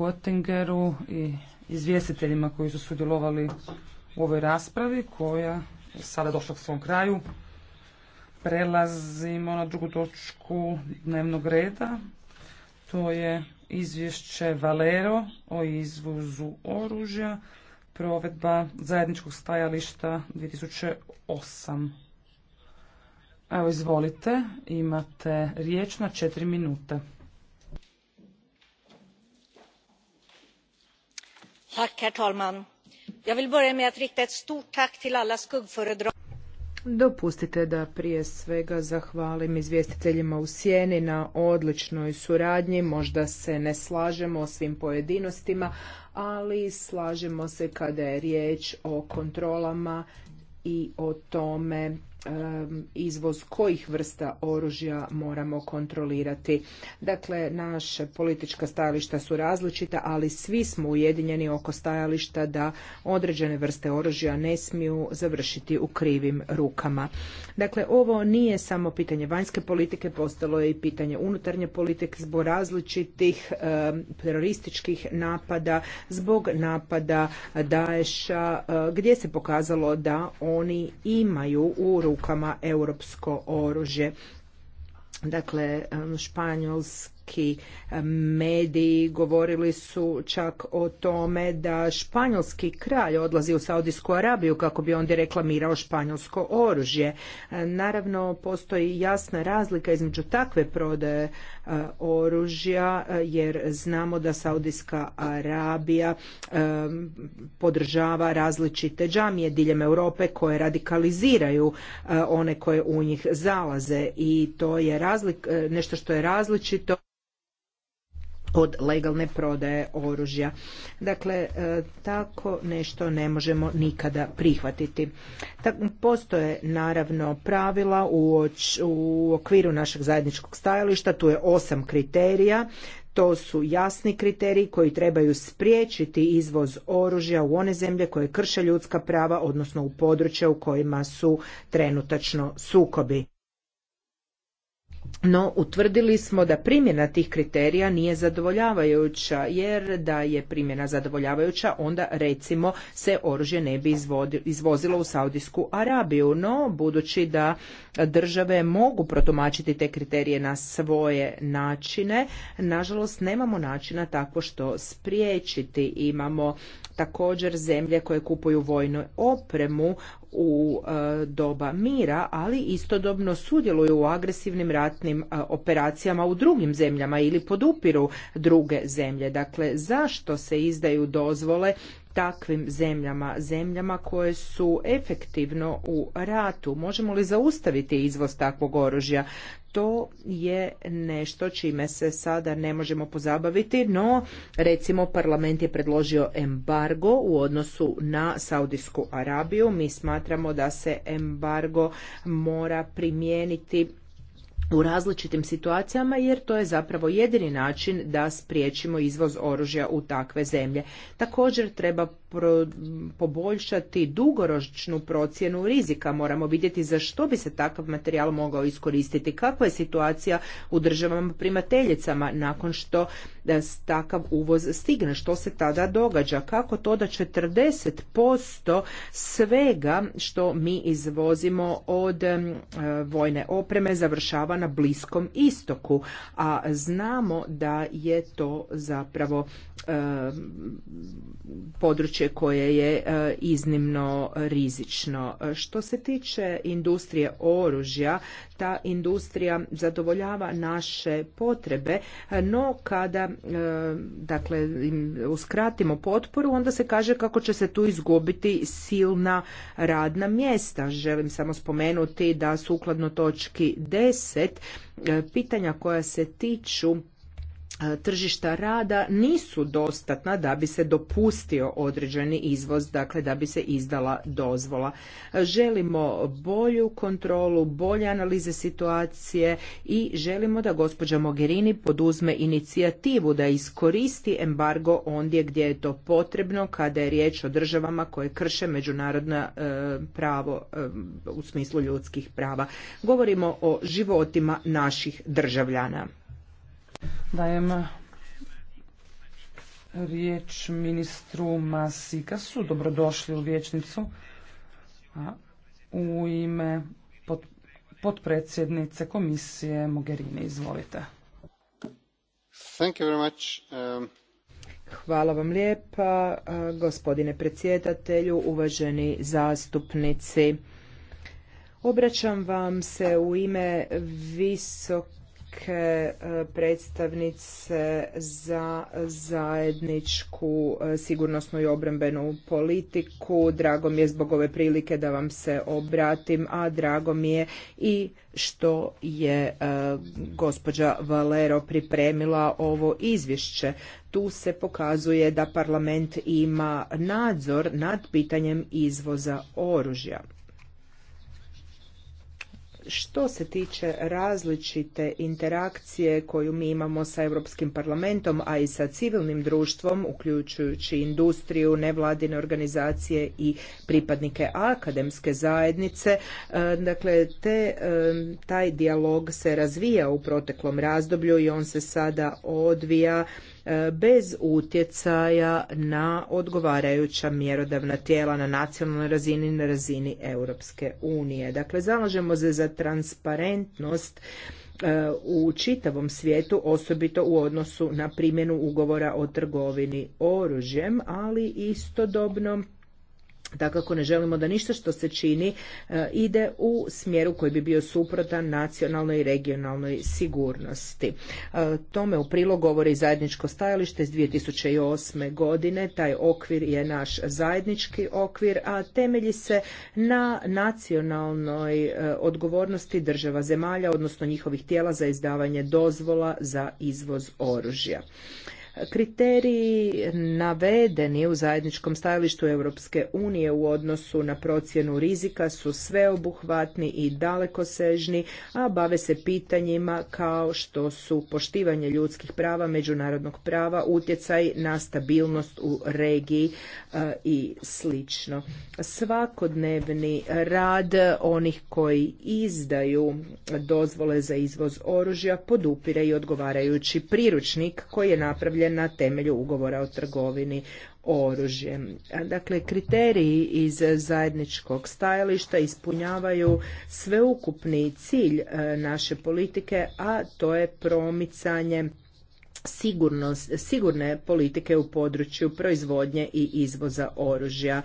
Kottingeru i izvjestiteljima koji su sudjelovali u ovoj raspravi koja je sada došla k svom kraju. Prelazimo na drugu točku dnevnog reda. To je izvješće Valero o izvozu oružja, provedba zajedničkog stajališta 2008. Evo izvolite, imate riječ na četiri minute. herr talman! Jag vill börja med att rikta ett stort tack till alla Dopustite da prije svega zahvalim izvjestiteljima u sjeni na odličnoj suradnji. Možda se ne slažemo o svim pojedinostima, ali slažemo se kada je riječ o kontrolama i o tome izvoz kojih vrsta oružja moramo kontrolirati. Dakle, naše politička stajališta su različita, ali svi smo ujedinjeni oko stajališta da određene vrste oružja ne smiju završiti u krivim rukama. Dakle, ovo nije samo pitanje vanjske politike, postalo je i pitanje unutarnje politike zbog različitih terorističkih napada, zbog napada Daesha, gdje se pokazalo da oni imaju u rukama europsko oružje. Dakle, španjolski mediji govorili su čak o tome da španjolski kralj odlazi u Saudijsku Arabiju kako bi on reklamirao španjolsko oružje. Naravno, postoji jasna razlika između takve prodaje E, oružja e, jer znamo da Saudijska Arabija e, podržava različite džamije diljem Europe koje radikaliziraju one koje u njih zalaze i to je razlik, nešto što je različito od legalne prodaje oružja. Dakle, e, tako nešto ne možemo nikada prihvatiti. Postoje naravno pravila u okviru našeg zajedničkog stajališta, tu je osam kriterija, to su jasni kriteriji koji trebaju spriječiti izvoz oružja u one zemlje koje krše ljudska prava, odnosno u područja u kojima su trenutačno sukobi no utvrdili smo da primjena tih kriterija nije zadovoljavajuća jer da je primjena zadovoljavajuća onda recimo se oružje ne bi izvozilo u Saudijsku Arabiju no budući da države mogu protumačiti te kriterije na svoje načine nažalost nemamo načina tako što spriječiti imamo također zemlje koje kupuju vojnu opremu u e, doba mira, ali istodobno sudjeluju u agresivnim ratnim e, operacijama u drugim zemljama ili podupiru druge zemlje. Dakle, zašto se izdaju dozvole takvim zemljama, zemljama koje su efektivno u ratu. Možemo li zaustaviti izvoz takvog oružja? to je nešto čime se sada ne možemo pozabaviti, no recimo parlament je predložio embargo u odnosu na Saudijsku Arabiju. Mi smatramo da se embargo mora primijeniti u različitim situacijama jer to je zapravo jedini način da spriječimo izvoz oružja u takve zemlje. Također treba poboljšati dugoročnu procjenu rizika. Moramo vidjeti za što bi se takav materijal mogao iskoristiti, kakva je situacija u državama primateljicama nakon što e, takav uvoz stigne, što se tada događa, kako to da 40% svega što mi izvozimo od e, vojne opreme završava na Bliskom istoku, a znamo da je to zapravo e, područje koje je e, iznimno rizično. Što se tiče industrije oružja, ta industrija zadovoljava naše potrebe, no kada e, dakle, uskratimo potporu, onda se kaže kako će se tu izgubiti silna radna mjesta. Želim samo spomenuti da sukladno točki 10 e, pitanja koja se tiču E, tržišta rada nisu dostatna da bi se dopustio određeni izvoz, dakle da bi se izdala dozvola. E, želimo bolju kontrolu, bolje analize situacije i želimo da gospođa Mogherini poduzme inicijativu da iskoristi embargo ondje gdje je to potrebno kada je riječ o državama koje krše međunarodno e, pravo u smislu ljudskih prava. Govorimo o životima naših državljana. Dajem eh, riječ ministru Masikasu. Dobrodošli u vječnicu. A u ime potpredsjednice komisije Mogherini. Izvolite. Thank you very much. Um, Hvala vam lijepa, eh, gospodine predsjedatelju, uvaženi zastupnici. Obraćam vam se u ime visok E, predstavnice za zajedničku e, sigurnosnu i obrambenu politiku. Drago mi je zbog ove prilike da vam se obratim, a drago mi je i što je e, gospođa Valero pripremila ovo izvješće. Tu se pokazuje da parlament ima nadzor nad pitanjem izvoza oružja. Što se tiče različite interakcije koju mi imamo sa Europskim parlamentom, a i sa civilnim društvom, uključujući industriju, nevladine organizacije i pripadnike akademske zajednice, e, dakle, te, e, taj dijalog se razvija u proteklom razdoblju i on se sada odvija E, bez utjecaja na odgovarajuća mjerodavna tijela na nacionalnoj razini i na razini Europske unije. Dakle, zalažemo se za transparentnost e, u čitavom svijetu, osobito u odnosu na primjenu ugovora o trgovini oružjem, ali istodobno Dakako ne želimo da ništa što se čini e, ide u smjeru koji bi bio suprotan nacionalnoj i regionalnoj sigurnosti. E, tome u prilog govori zajedničko stajalište iz 2008. godine. Taj okvir je naš zajednički okvir, a temelji se na nacionalnoj e, odgovornosti država zemalja, odnosno njihovih tijela za izdavanje dozvola za izvoz oružja. Kriteriji navedeni u zajedničkom stajalištu Europske unije u odnosu na procjenu rizika su sveobuhvatni i dalekosežni, a bave se pitanjima kao što su poštivanje ljudskih prava, međunarodnog prava, utjecaj na stabilnost u regiji e, i slično. Svakodnevni rad onih koji izdaju dozvole za izvoz oružja podupire i odgovarajući priručnik koji je napravljen na temelju ugovora o trgovini oružjem. Dakle, kriteriji iz zajedničkog stajališta ispunjavaju sveukupni cilj e, naše politike, a to je promicanje sigurne politike u području proizvodnje i izvoza oružja.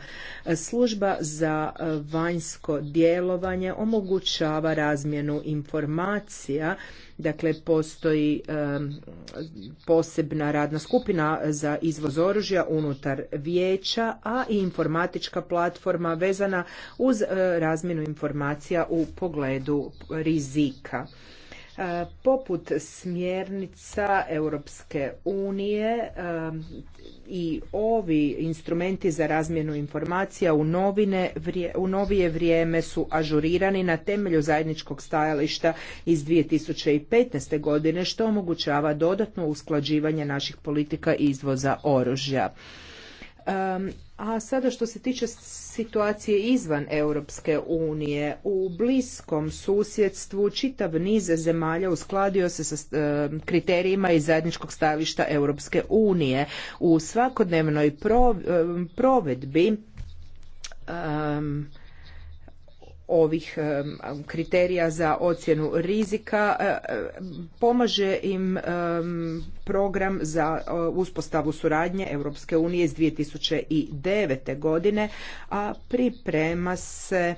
Služba za vanjsko djelovanje omogućava razmjenu informacija Dakle, postoji posebna radna skupina za izvoz oružja unutar vijeća, a i informatička platforma vezana uz eh, razmjenu informacija u pogledu rizika. E, poput smjernica Europske unije e, i ovi instrumenti za razmjenu informacija u, novine, u novije vrijeme su ažurirani na temelju zajedničkog stajališta iz 2015. godine što omogućava dodatno usklađivanje naših politika izvoza oružja. E, a sada što se tiče situacije izvan Europske unije, u bliskom susjedstvu čitav niz zemalja uskladio se sa e, kriterijima i zajedničkog stavišta Europske unije. U svakodnevnoj e, provedbi e, ovih kriterija za ocjenu rizika e, e, pomaže im program za uspostavu suradnje Europske unije iz 2009. godine a priprema se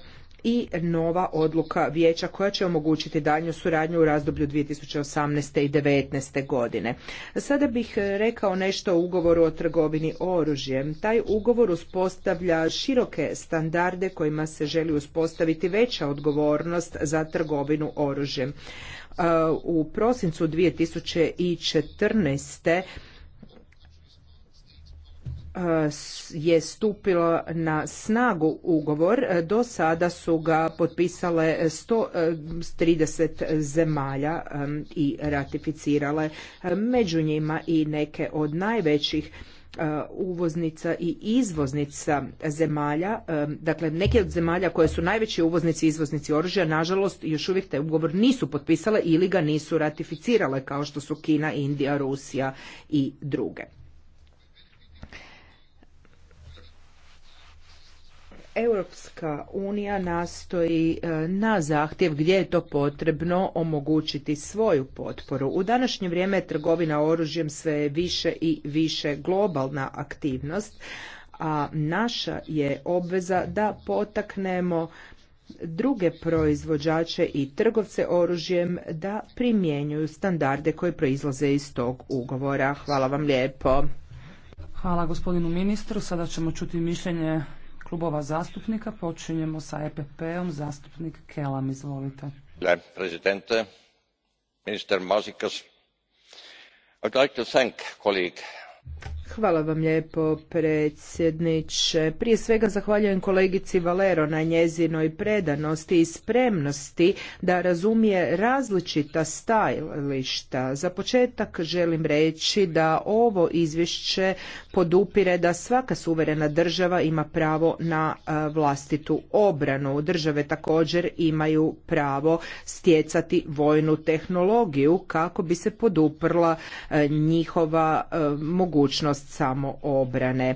i nova odluka vijeća koja će omogućiti daljnju suradnju u razdoblju 2018. i 2019. godine. Sada bih rekao nešto o ugovoru o trgovini oružjem. Taj ugovor uspostavlja široke standarde kojima se želi uspostaviti veća odgovornost za trgovinu oružjem. Uh, u prosincu 2014. E, je stupilo na snagu ugovor, e, do sada su ga potpisale 130 e, zemalja i ratificirale, među njima i neke od najvećih uvoznica i izvoznica zemalja, dakle neke od zemalja koje su najveći uvoznici i izvoznici oružja, nažalost još uvijek taj ugovor nisu potpisale ili ga nisu ratificirale kao što su Kina, Indija, Rusija i druge. Europska unija nastoji e, na zahtjev gdje je to potrebno omogućiti svoju potporu. U današnje vrijeme trgovina oružjem sve je više i više globalna aktivnost, a naša je obveza da potaknemo druge proizvođače i trgovce oružjem da primjenjuju standarde koje proizlaze iz tog ugovora. Hvala vam lijepo. Hvala gospodinu ministru. Sada ćemo čuti mišljenje klubova zastupnika. Počinjemo sa EPP-om. Zastupnik Kelam, izvolite. Prezidente, minister Mazikas, I'd like to thank colleague Hvala vam lijepo predsjedniče. Prije svega zahvaljujem kolegici Valero na njezinoj predanosti i spremnosti da razumije različita stajališta. Za početak želim reći da ovo izvješće podupire da svaka suverena država ima pravo na e, vlastitu obranu. Države također imaju pravo stjecati vojnu tehnologiju kako bi se poduprla e, njihova e, mogućnost samo samoobrane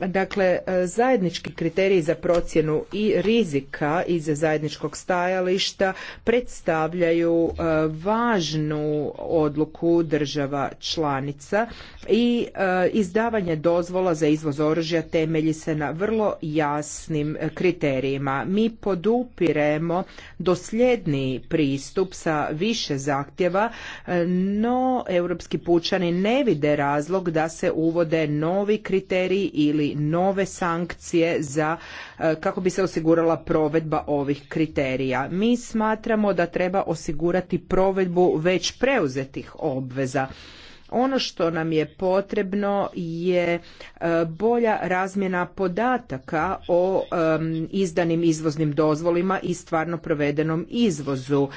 Dakle, e, zajednički kriteriji za procjenu i rizika iz zajedničkog stajališta predstavljaju e, važnu odluku država članica i e, izdavanje dozvola za izvoz oružja temelji se na vrlo jasnim kriterijima. Mi podupiremo dosljedni pristup sa više zahtjeva, no europski pučani ne vide razlog da se uvode novi kriteriji ili nove sankcije za e, kako bi se osigurala provedba ovih kriterija. Mi smatramo da treba osigurati provedbu već preuzetih obveza. Ono što nam je potrebno je e, bolja razmjena podataka o izdanim izvoznim dozvolima i stvarno provedenom izvozu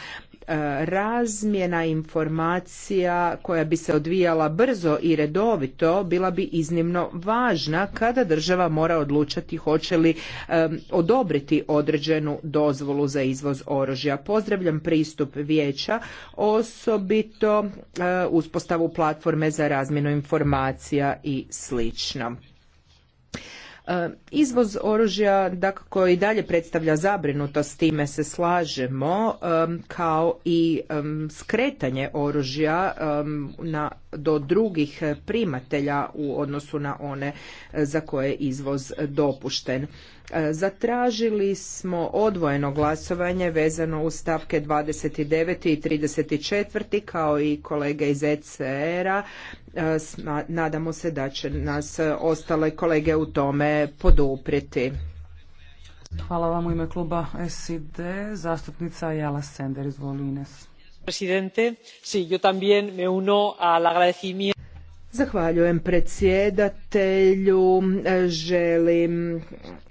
razmjena informacija koja bi se odvijala brzo i redovito bila bi iznimno važna kada država mora odlučati hoće li odobriti određenu dozvolu za izvoz oružja. Pozdravljam pristup vijeća, osobito e, uspostavu platforme za razmjenu informacija i slično. E, izvoz oružja dakako i dalje predstavlja zabrinutost, time se slažemo, e, kao i e, skretanje oružja na, do drugih primatelja u odnosu na one za koje je izvoz dopušten. E, zatražili smo odvojeno glasovanje vezano uz stavke 29. i 34. kao i kolege iz ECR-a. E, nadamo se da će nas ostale kolege u tome poduprijeti. Hvala vam u ime kluba SID. Zastupnica Jala Sender, izvoli Ines. Presidente, sí, yo también me uno al agradecimiento. Zahvaljujem predsjedatelju. E, želim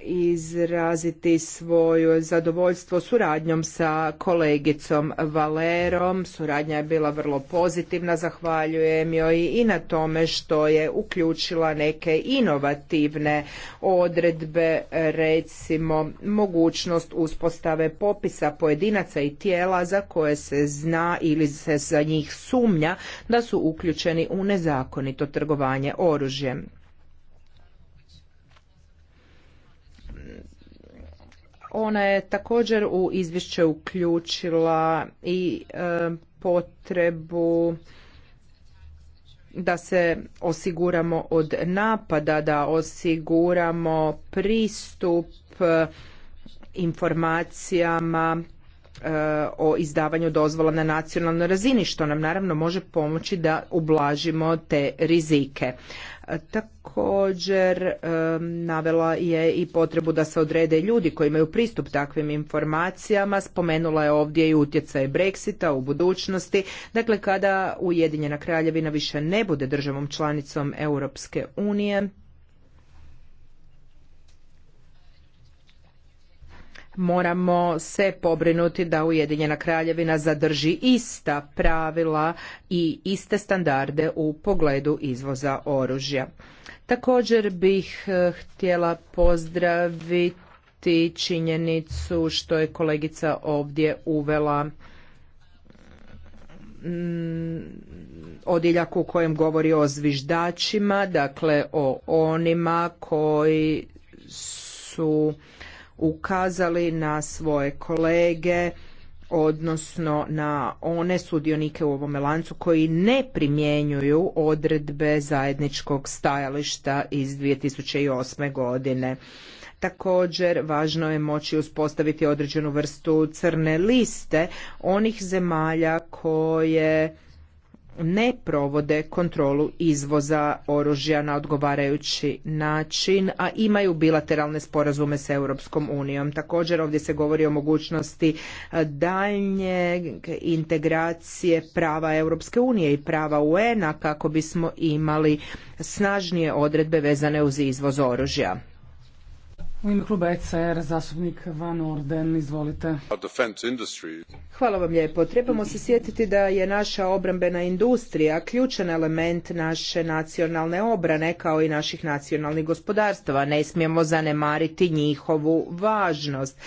izraziti svoje zadovoljstvo suradnjom sa kolegicom Valerom. Suradnja je bila vrlo pozitivna. Zahvaljujem joj i na tome što je uključila neke inovativne odredbe, recimo mogućnost uspostave popisa pojedinaca i tijela za koje se zna ili se za njih sumnja da su uključeni u nezakon nezakonito trgovanje oružjem. Ona je također u izvješće uključila i e, potrebu da se osiguramo od napada, da osiguramo pristup e, informacijama E, o izdavanju dozvola na nacionalnoj razini što nam naravno može pomoći da ublažimo te rizike. E, također e, navela je i potrebu da se odrede ljudi koji imaju pristup takvim informacijama, spomenula je ovdje i utjecaj Brexita u budućnosti. Dakle, kada Ujedinjena kraljevina više ne bude državom članicom Europske unije, moramo se pobrinuti da Ujedinjena kraljevina zadrži ista pravila i iste standarde u pogledu izvoza oružja. Također bih e, htjela pozdraviti činjenicu što je kolegica ovdje uvela mm, odjeljak u kojem govori o zviždačima, dakle o onima koji su ukazali na svoje kolege odnosno na one sudionike u ovome lancu koji ne primjenjuju odredbe zajedničkog stajališta iz 2008. godine. Također, važno je moći uspostaviti određenu vrstu crne liste onih zemalja koje ne provode kontrolu izvoza oružja na odgovarajući način, a imaju bilateralne sporazume s Europskom unijom. Također ovdje se govori o mogućnosti e, daljnje integracije prava Europske unije i prava UN-a kako bismo imali snažnije odredbe vezane uz izvoz oružja. U ime kluba ECR, zastupnik Van Orden, izvolite. Hvala vam lijepo. Trebamo se sjetiti da je naša obrambena industrija ključan element naše nacionalne obrane kao i naših nacionalnih gospodarstava. Ne smijemo zanemariti njihovu važnost.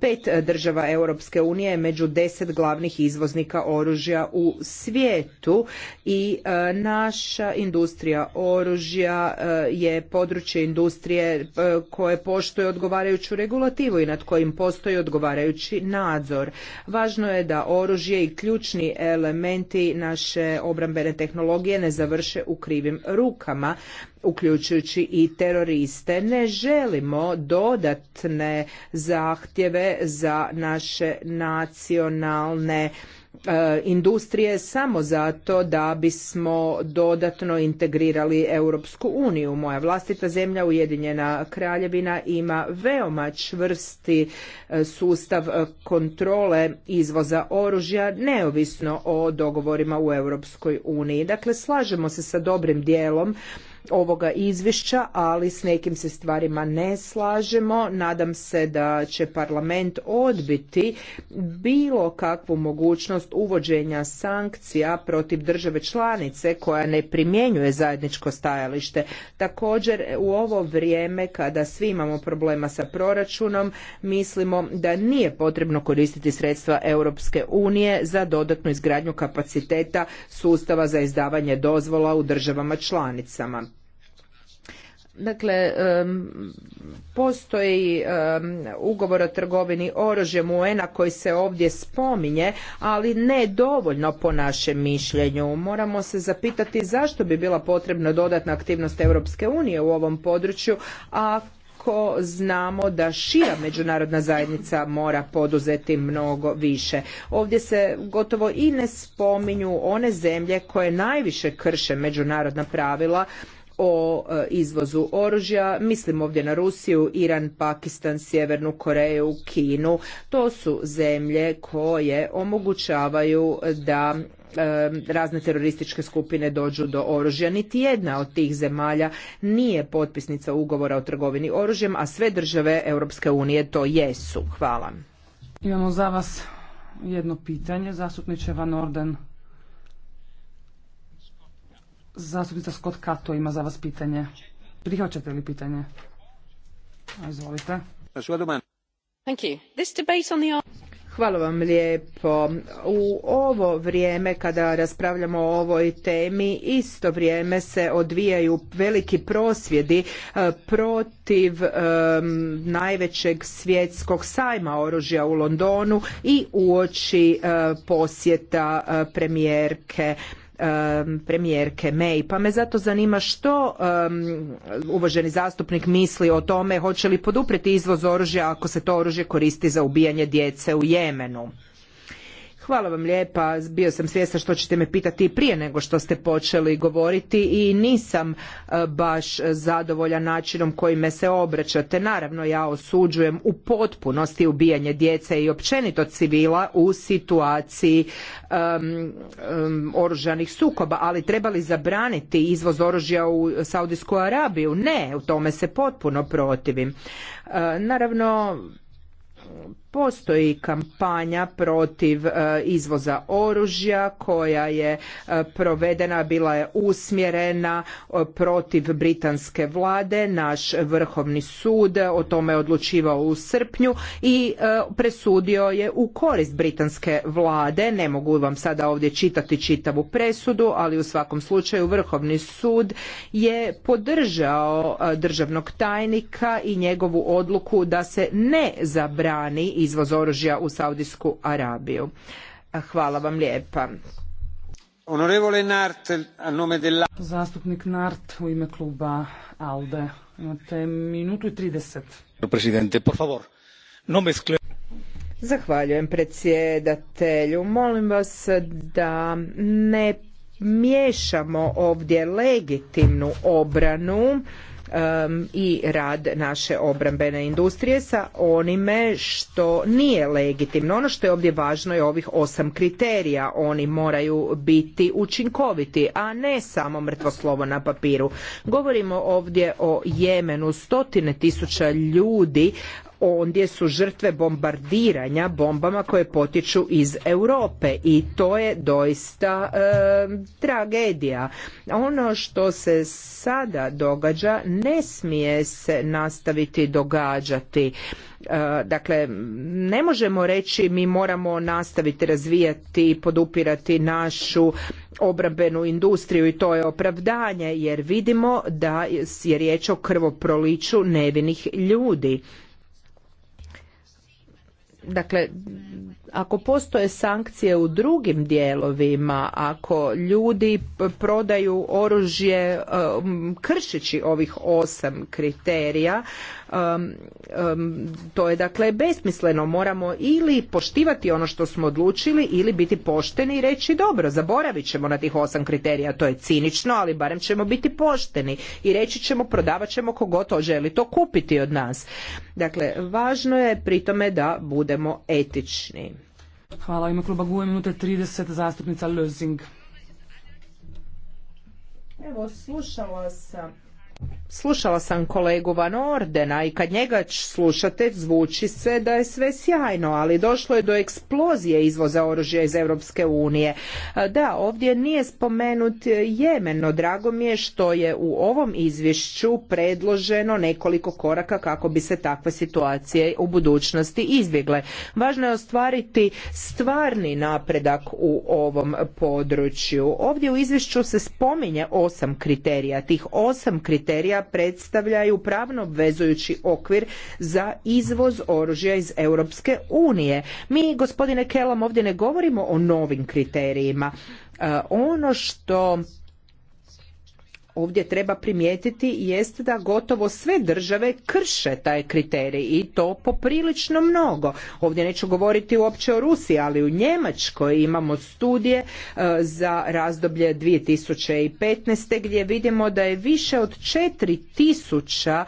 Pet država Europske unije je među deset glavnih izvoznika oružja u svijetu i e, naša industrija oružja e, je područje industrije e, koje poštuje poštuje odgovarajuću regulativu i nad kojim postoji odgovarajući nadzor. Važno je da oružje i ključni elementi naše obrambene tehnologije ne završe u krivim rukama uključujući i teroriste. Ne želimo dodatne zahtjeve za naše nacionalne E, industrije samo zato da bismo dodatno integrirali Europsku uniju. Moja vlastita zemlja Ujedinjena Kraljevina ima veoma čvrsti e, sustav kontrole izvoza oružja neovisno o dogovorima u Europskoj uniji. Dakle slažemo se sa dobrim dijelom ovoga izvješća, ali s nekim se stvarima ne slažemo. Nadam se da će parlament odbiti bilo kakvu mogućnost uvođenja sankcija protiv države članice koja ne primjenjuje zajedničko stajalište. Također u ovo vrijeme kada svi imamo problema sa proračunom, mislimo da nije potrebno koristiti sredstva Europske unije za dodatnu izgradnju kapaciteta sustava za izdavanje dozvola u državama članicama. Dakle, postoji ugovor o trgovini oružjem UN-a koji se ovdje spominje, ali ne dovoljno po našem mišljenju. Moramo se zapitati zašto bi bila potrebna dodatna aktivnost Europske unije u ovom području, ako znamo da šira međunarodna zajednica mora poduzeti mnogo više. Ovdje se gotovo i ne spominju one zemlje koje najviše krše međunarodna pravila, o e, izvozu oružja. Mislim ovdje na Rusiju, Iran, Pakistan, Sjevernu Koreju, Kinu. To su zemlje koje omogućavaju da e, razne terorističke skupine dođu do oružja. Niti jedna od tih zemalja nije potpisnica ugovora o trgovini oružjem, a sve države Europske unije to jesu. Hvala. Imamo za vas jedno pitanje, zastupniče Van Orden. Zastupnica Scott Kato ima za vas pitanje. Prihvaćate li pitanje? Izvolite. Hvala vam lijepo. U ovo vrijeme kada raspravljamo o ovoj temi, isto vrijeme se odvijaju veliki prosvjedi e, protiv e, najvećeg svjetskog sajma oružja u Londonu i uoči e, posjeta premijerke premijerke May. Pa me zato zanima što um, uvaženi zastupnik misli o tome hoće li poduprijeti izvoz oružja ako se to oružje koristi za ubijanje djece u Jemenu. Hvala vam lijepa. Bio sam svjesna što ćete me pitati prije nego što ste počeli govoriti i nisam e, baš zadovoljan načinom kojime se obraćate. Naravno ja osuđujem u potpunosti ubijanje djece i općenito civila u situaciji um, oružanih sukoba, ali trebali zabraniti izvoz oružja u Saudijsku Arabiju? Ne, u tome se potpuno protivim. E, naravno Postoji kampanja protiv e, izvoza oružja koja je e, provedena, bila je usmjerena e, protiv britanske vlade. Naš vrhovni sud o tome je odlučivao u srpnju i presudio je u korist britanske vlade. Ne mogu vam sada ovdje čitati čitavu presudu, ali u svakom slučaju vrhovni sud je podržao državnog tajnika i njegovu odluku da se ne zabrani izvoz oružja u Saudijsku Arabiju. Hvala vam lijepa. Onorevole Nart, a nome della... Zastupnik Nart u ime kluba ALDE. Imate minutu i 30. Presidente, por favor, no mezcle... Zahvaljujem predsjedatelju. Molim vas da ne miješamo ovdje legitimnu obranu Um, i rad naše obrambene industrije sa onime što nije legitimno. Ono što je ovdje važno je ovih osam kriterija. Oni moraju biti učinkoviti, a ne samo mrtvo slovo na papiru. Govorimo ovdje o Jemenu. Stotine tisuća ljudi ondje su žrtve bombardiranja bombama koje potiču iz Europe i to je doista e, tragedija. Ono što se sada događa ne smije se nastaviti događati. E, dakle, ne možemo reći mi moramo nastaviti razvijati i podupirati našu obrambenu industriju i to je opravdanje jer vidimo da je riječ o krvoproliću nevinih ljudi dakle ako postoje sankcije u drugim dijelovima, ako ljudi prodaju oružje e, kršeći ovih osam kriterija, to je dakle besmisleno. Moramo ili poštivati ono što smo odlučili ili biti pošteni i reći dobro, zaboravit ćemo na tih osam kriterija, to je cinično, ali barem ćemo biti pošteni i reći ćemo prodavat ćemo kogoto to želi to kupiti od nas. Dakle, važno je pri tome da budemo etični. Hvala. U ime kluba Guje, minute 30, zastupnica Lözing. Evo, slušala sam Slušala sam kolegu Van Ordena i kad njega slušate zvuči se da je sve sjajno, ali došlo je do eksplozije izvoza oružja iz Europske unije. Da, ovdje nije spomenut Jemeno. Drago mi je što je u ovom izvješću predloženo nekoliko koraka kako bi se takve situacije u budućnosti izbjegle. Važno je ostvariti stvarni napredak u ovom području. Ovdje u izvješću se spominje osam kriterija. Tih osam kriterija kriterija predstavljaju pravno obvezujući okvir za izvoz oružja iz Europske unije. Mi, gospodine Kelam, ovdje ne govorimo o novim kriterijima. E, ono što ovdje treba primijetiti jest da gotovo sve države krše taj kriterij i to poprilično mnogo. Ovdje neću govoriti uopće o Rusiji, ali u Njemačkoj imamo studije e, za razdoblje 2015. gdje vidimo da je više od 4000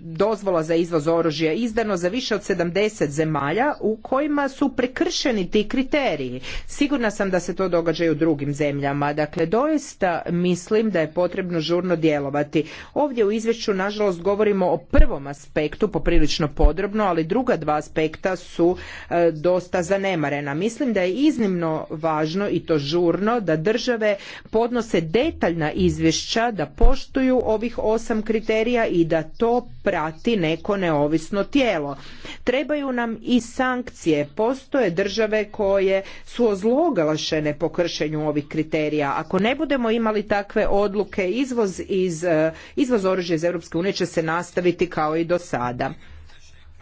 dozvola za izvoz oružja izdano za više od 70 zemalja u kojima su prekršeni ti kriteriji. Sigurna sam da se to događa i u drugim zemljama. Dakle, doista mislim da je potrebno žurno djelovati. Ovdje u izvješću nažalost govorimo o prvom aspektu poprilično podrobno, ali druga dva aspekta su e, dosta zanemarena. Mislim da je iznimno važno i to žurno da države podnose detaljna izvješća da poštuju ovih osam kriterija i da to prati neko neovisno tijelo. Trebaju nam i sankcije. Postoje države koje su ozlogalašene po kršenju ovih kriterija. Ako ne budemo imali imali takve odluke, izvoz, iz, e, izvoz oružja iz Europske unije će se nastaviti kao i do sada.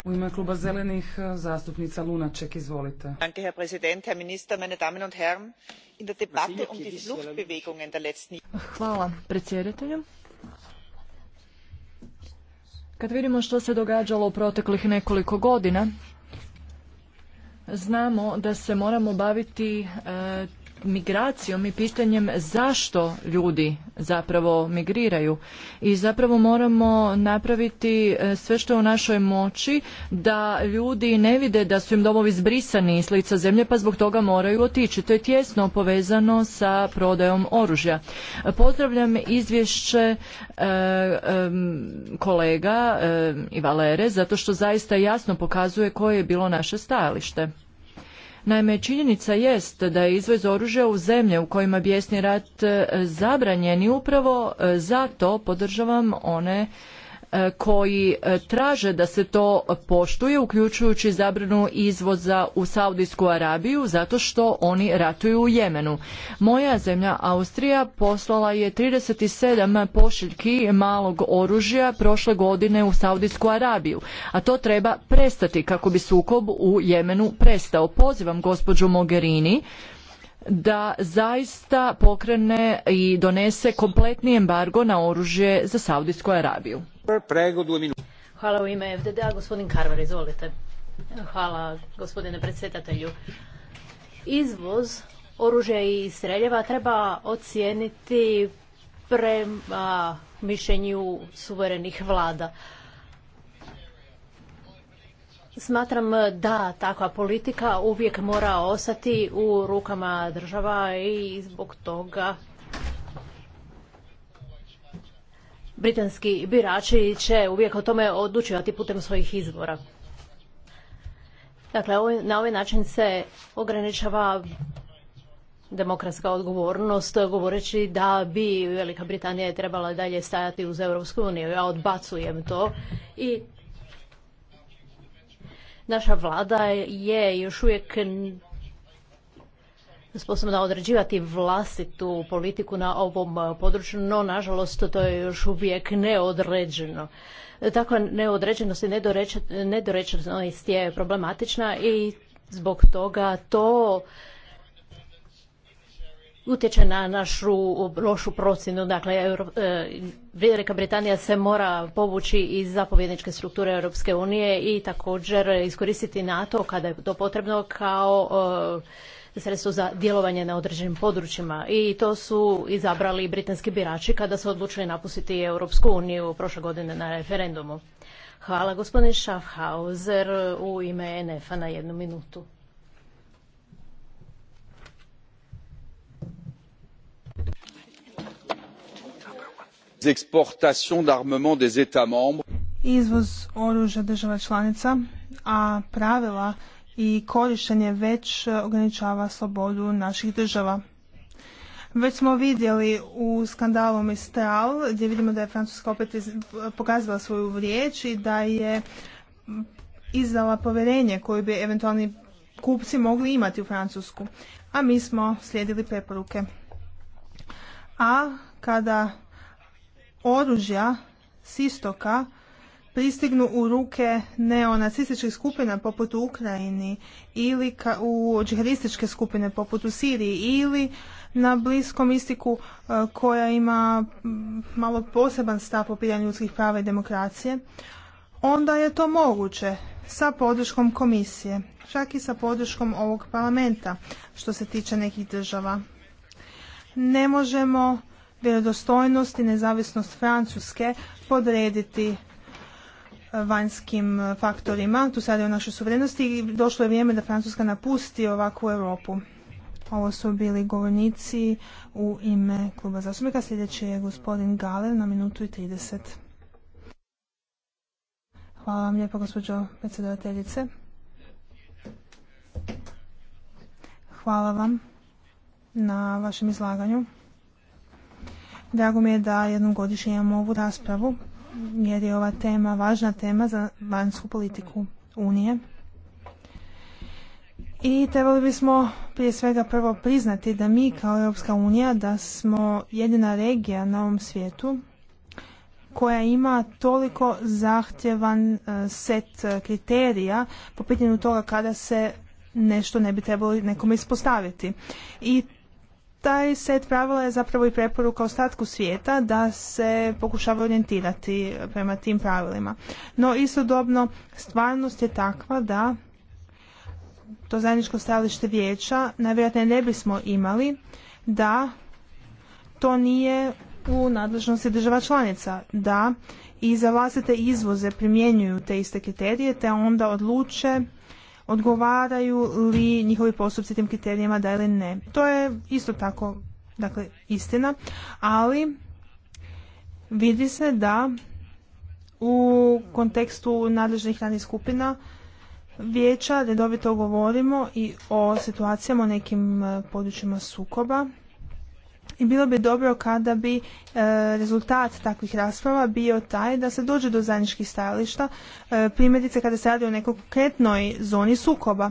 U ime kluba zelenih e, zastupnica Lunaček, izvolite. Danke, Herr Präsident, Herr Minister, meine Damen und Herren. In der Debatte um die Fluchtbewegungen der letzten... Hvala predsjedatelju. Kad vidimo što se događalo u proteklih nekoliko godina, znamo da se moramo baviti e, migracijom i pitanjem zašto ljudi zapravo migriraju i zapravo moramo napraviti e, sve što je u našoj moći da ljudi ne vide da su im domovi zbrisani iz lica zemlje pa zbog toga moraju otići. To je tjesno povezano sa prodajom oružja. Pozdravljam izvješće e, kolega e, i Valere zato što zaista jasno pokazuje koje je bilo naše stajalište. Naime, činjenica jest da je izvoz oružja u zemlje u kojima bijesni rat e, zabranjen i upravo e, zato podržavam one E, koji e, traže da se to poštuje, uključujući zabranu izvoza u Saudijsku Arabiju, zato što oni ratuju u Jemenu. Moja zemlja Austrija poslala je 37 pošiljki malog oružja prošle godine u Saudijsku Arabiju, a to treba prestati kako bi sukob u Jemenu prestao. Pozivam gospođu Mogherini da zaista pokrene i donese kompletni embargo na oružje za Saudijsku Arabiju. Hvala u ime gospodin izvolite. Hvala gospodine predsjedatelju. Izvoz oružja i streljeva treba ocijeniti prema mišljenju suverenih vlada. Smatram da takva politika uvijek mora ostati u rukama država i zbog toga britanski birači će uvijek o tome odlučivati putem svojih izbora. Dakle, ovaj, na ovaj način se ograničava demokratska odgovornost govoreći da bi Velika Britanija trebala dalje stajati uz Europsku uniju. Ja odbacujem to i naša vlada je još uvijek sposobna određivati vlastitu politiku na ovom području, no nažalost to je još uvijek neodređeno. Takva neodređenost i nedorečenost je problematična i zbog toga to utječe na našu lošu procjenu. Dakle, Euro, e, Velika Britanija se mora povući iz zapovjedničke strukture Europske unije i također iskoristiti NATO kada je to potrebno kao e, sredstvo za djelovanje na određenim područjima. I to su izabrali britanski birači kada su odlučili napustiti Europsku uniju prošle godine na referendumu. Hvala gospodine Schaffhauser u ime NF-a na jednu minutu. exportations d'armement des états membres izvoz oružja država članica a pravila i korištenje već e, ograničava slobodu naših država već smo vidjeli u skandalu Mistral gdje vidimo da je Francuska opet pokazala svoju riječ i da je izdala povjerenje koje bi eventualni kupci mogli imati u Francusku. A mi smo slijedili preporuke. A kada oružja s istoka pristignu u ruke neonacističkih skupina poput u Ukrajini ili ka, u džihadističke skupine poput u Siriji ili na bliskom istiku e, koja ima malo poseban stav po pitanju ljudskih prava i demokracije, onda je to moguće sa podrškom komisije, čak i sa podrškom ovog parlamenta što se tiče nekih država. Ne možemo vjerodostojnost i nezavisnost Francuske podrediti e, vanjskim e, faktorima. Tu sada je o našoj suverenosti i došlo je vrijeme da Francuska napusti ovakvu Europu. Ovo su bili govornici u ime kluba zastupnika. Sljedeći je gospodin Galer na minutu i 30. Hvala vam lijepo gospođo predsjedateljice Hvala vam na vašem izlaganju. Drago mi je da jednom godišnje imamo ovu raspravu, jer je ova tema važna tema za vanjsku politiku Unije. I trebali bismo prije svega prvo priznati da mi kao Europska unija da smo jedina regija na ovom svijetu koja ima toliko zahtjevan e, set e, kriterija po pitanju toga kada se nešto ne bi trebalo nekome ispostaviti. I taj set pravila je zapravo i preporuka ostatku svijeta da se pokušava orijentirati prema tim pravilima. No istodobno stvarnost je takva da to zajedničko stajalište vijeća najvjerojatnije ne bismo imali da to nije u nadležnosti država članica, da i za vlastite izvoze primjenjuju te iste kriterije te onda odluče odgovaraju li njihovi postupci tim kriterijima da ili ne. To je isto tako dakle, istina, ali vidi se da u kontekstu nadležnih radnih skupina vijeća redovito govorimo i o situacijama u nekim eh, područjima sukoba i bilo bi dobro kada bi e, rezultat takvih rasprava bio taj da se dođe do zajedničkih stajališta, e, primjerice kada se radi o nekoj konkretnoj zoni sukoba.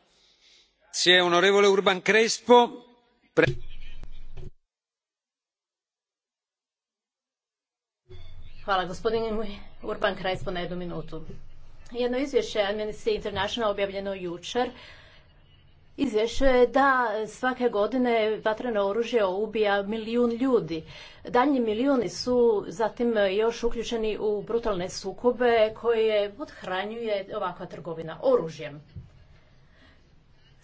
gospodine Urban Crespo na jednu minutu. Jedno izvješće Amnesty International objavljeno jučer izvješće da svake godine vatreno oružje ubija milijun ljudi. Daljnji milijuni su zatim još uključeni u brutalne sukobe koje odhranjuje ovakva trgovina oružjem.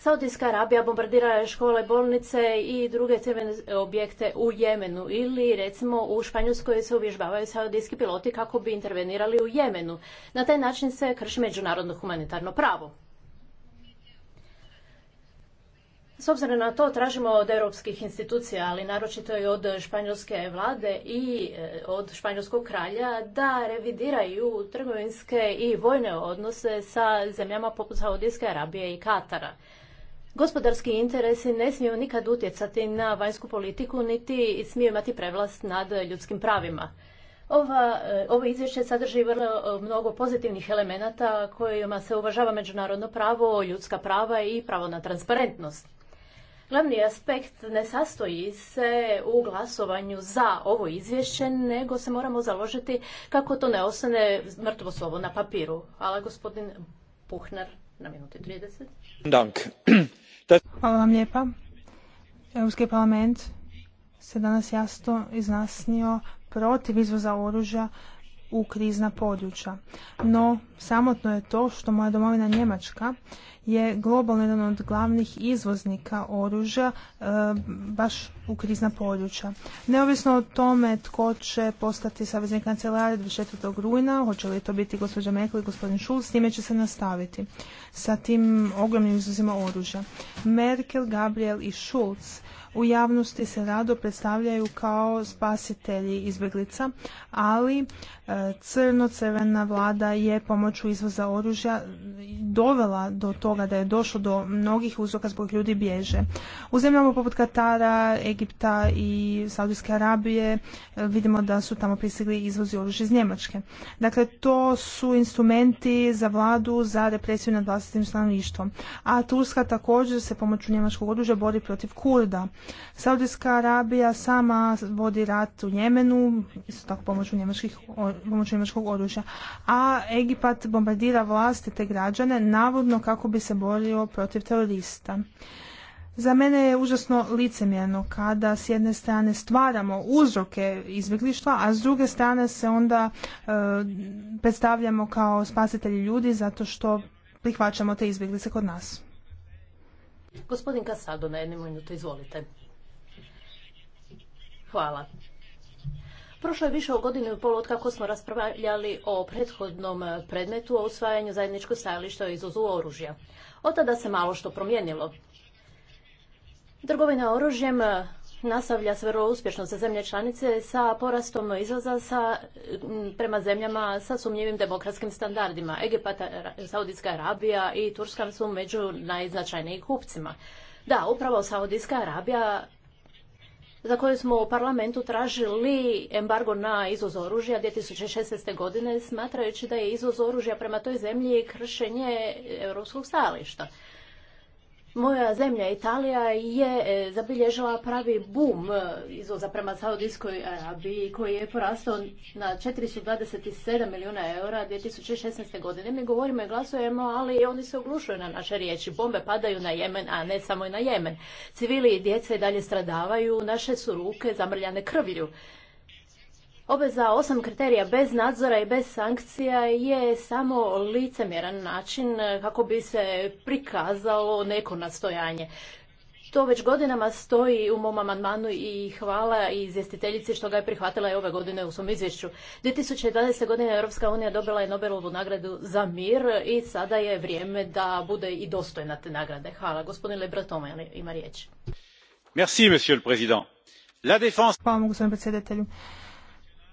Saudijska Arabija bombardira škole, bolnice i druge crvene objekte u Jemenu ili recimo u Španjolskoj se uvježbavaju saudijski piloti kako bi intervenirali u Jemenu. Na taj način se krši međunarodno humanitarno pravo. S obzirom na to tražimo od europskih institucija, ali naročito i od španjolske vlade i e, od španjolskog kralja da revidiraju trgovinske i vojne odnose sa zemljama poput Saudijske Arabije i Katara. Gospodarski interesi ne smiju nikad utjecati na vanjsku politiku, niti smiju imati prevlast nad ljudskim pravima. Ova, e, ovo izvješće sadrži vrlo e, mnogo pozitivnih elemenata kojima se uvažava međunarodno pravo, ljudska prava i pravo na transparentnost. Glavni aspekt ne sastoji se u glasovanju za ovo izvješće, nego se moramo založiti kako to ne ostane mrtvo slovo na papiru. Hvala gospodin Puhnar na minuti 30. Dank. Hvala vam lijepa. Europski parlament se danas jasno iznasnio protiv izvoza oružja u krizna područja. No, samotno je to što moja domovina Njemačka je globalno jedan od glavnih izvoznika oružja e, baš u krizna područja. Neovisno o tome tko će postati savezni kancelar 24. rujna, hoće li to biti gospođa Merkel i gospodin Schulz, s time će se nastaviti sa tim ogromnim izvozima oružja. Merkel, Gabriel i Schulz u javnosti se rado predstavljaju kao spasitelji izbjeglica, ali e, crno-crvena vlada je pomoću izvoza oružja dovela do toga da je došlo do mnogih uzroka zbog ljudi bježe. U zemljama poput Katara, Egipta i Saudijske Arabije e, vidimo da su tamo prisigli izvozi oružja iz Njemačke. Dakle, to su instrumenti za vladu za represiju nad vlastitim stanovništvom. A Turska također se pomoću njemačkog oružja bori protiv Kurda. Saudijska Arabija sama vodi rat u Njemenu, isto tako pomoću, pomoću njemačkog oružja, a Egipat bombardira vlastite građane, navodno kako bi se borio protiv terorista. Za mene je užasno licemjerno kada s jedne strane stvaramo uzroke izbjeglištva, a s druge strane se onda e, predstavljamo kao spasitelji ljudi zato što prihvaćamo te izbjeglice kod nas. Gospodin Kasado, na jednu minutu, izvolite. Hvala. Prošlo je više od godinu i pol od kako smo raspravljali o prethodnom predmetu o usvajanju zajedničkog stajališta o izvozu oružja. Od tada se malo što promijenilo. Trgovina oružjem eh, nastavlja se vrlo uspješno za zemlje članice sa porastom izvoza mm, prema zemljama sa sumnjivim demokratskim standardima. Egipat, Saudijska Arabija i Turska su među najznačajnijih kupcima. Da, upravo Saudijska Arabija za koje smo u parlamentu tražili embargo na izvoz oružja 2016. godine smatrajući da je izvoz oružja prema toj zemlji kršenje europskog stajališta. Moja zemlja Italija je e, zabilježila pravi bum e, izvoza prema Saudijskoj Arabiji koji je porastao na 427 milijuna eura 2016. godine. Mi govorimo i glasujemo, ali oni se oglušuju na naše riječi. Bombe padaju na Jemen, a ne samo i na Jemen. Civili i djece dalje stradavaju, naše su ruke zamrljane krvlju. Obveza osam kriterija bez nadzora i bez sankcija je samo licemjeran način kako bi se prikazalo neko nastojanje. To već godinama stoji u mom amandmanu i hvala i izvjestiteljici što ga je prihvatila i ove godine u svom izvješću. 2020. godine Europska unija dobila je Nobelovu nagradu za mir i sada je vrijeme da bude i dostojna te nagrade. Hvala. Gospodin Lebratoma ima riječ. Merci, monsieur Hvala, predsjedatelju.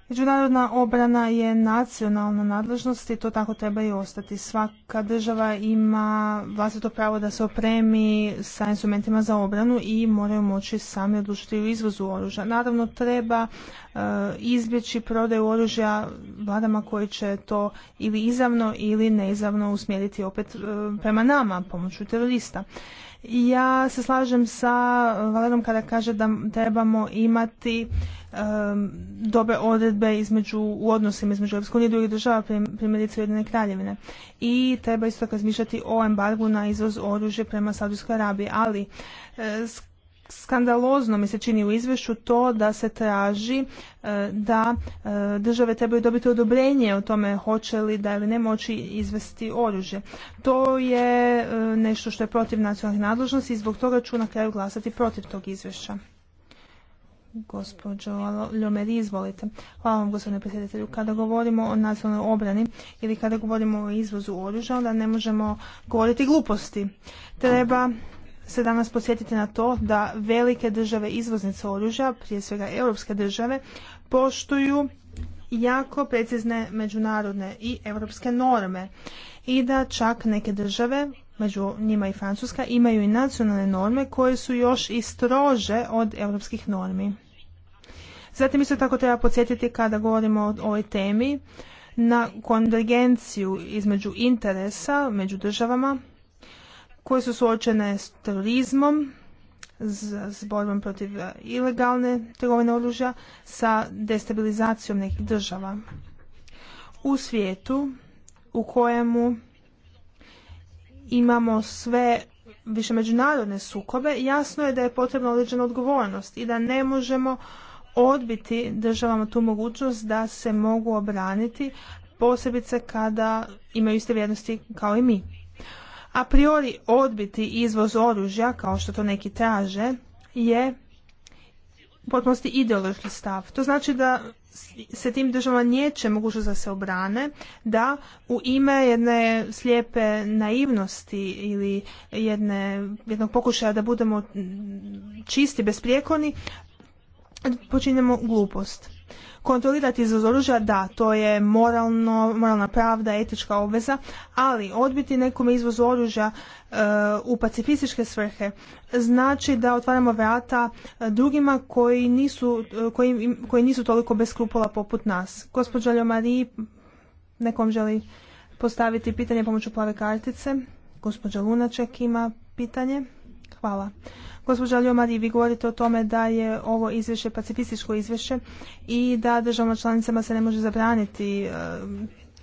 Međunarodna obrana je nacionalna nadležnost i to tako treba i ostati. Svaka država ima vlastito pravo da se opremi sa instrumentima za obranu i moraju moći sami odlučiti u izvozu oružja. Naravno, treba e, izbjeći prodaju oružja vladama koji će to ili izavno ili neizavno usmjeriti opet e, prema nama pomoću terorista. Ja se slažem sa Valerom kada kaže da trebamo imati dobre odredbe između, u odnosima između Europske unije i drugih država, primjerice Ujedine kraljevine. I treba isto tako razmišljati o embargu na izvoz oružja prema Saudijskoj Arabiji. Ali eh, skandalozno mi se čini u izvješću to da se traži e, da e, države trebaju dobiti odobrenje o tome hoće li da ili ne moći izvesti oružje. To je e, nešto što je protiv nacionalnih nadležnosti i zbog toga ću na kraju glasati protiv tog izvješća. Gospođo Ljomeri, izvolite. Hvala vam, gospodine predsjedatelju. Kada govorimo o nacionalnoj obrani ili kada govorimo o izvozu oružja, onda ne možemo govoriti gluposti. Treba se danas posjetiti na to da velike države izvoznice oružja, prije svega europske države, poštuju jako precizne međunarodne i europske norme i da čak neke države, među njima i Francuska, imaju i nacionalne norme koje su još i strože od europskih normi. Zatim isto tako treba podsjetiti kada govorimo o ovoj temi na konvergenciju između interesa među državama koje su suočene s terorizmom, s borbom protiv e, ilegalne trgovine oružja, sa destabilizacijom nekih država. U svijetu u kojemu imamo sve više međunarodne sukobe, jasno je da je potrebna određena odgovornost i da ne možemo odbiti državama tu mogućnost da se mogu obraniti, posebice kada imaju iste vrijednosti kao i mi a priori odbiti izvoz oružja, kao što to neki traže, je u potpunosti ideološki stav. To znači da se tim državama njeće mogućnost da se obrane, da u ime jedne slijepe naivnosti ili jedne, jednog pokušaja da budemo čisti, besprijekorni, počinjemo glupost. Kontrolirati izvoz oružja, da, to je moralno, moralna pravda, etička obveza, ali odbiti nekome izvoz oružja e, u pacifističke svrhe znači da otvaramo vrata e, drugima koji nisu, e, koji, koji nisu toliko bez skrupula poput nas. Gospođa Ljomari, nekom želi postaviti pitanje pomoću plave kartice. Gospođa Lunaček ima pitanje. Hvala. Gospođa i vi govorite o tome da je ovo izvješće pacifističko izvješće i da državama članicama se ne može zabraniti e,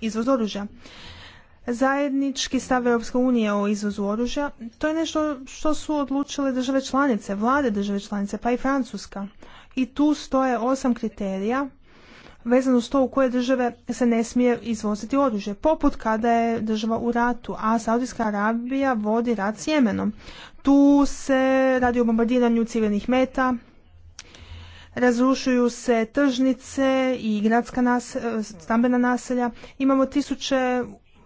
izvoz oružja. Zajednički stav Europske unije o izvozu oružja, to je nešto što su odlučile države članice, vlade države članice, pa i Francuska. I tu stoje osam kriterija vezano s to u koje države se ne smije izvoziti oružje, poput kada je država u ratu, a Saudijska Arabija vodi rat s Jemenom. Tu se radi o bombardiranju civilnih meta, razrušuju se tržnice i gradska naselja, stambena naselja. Imamo tisuće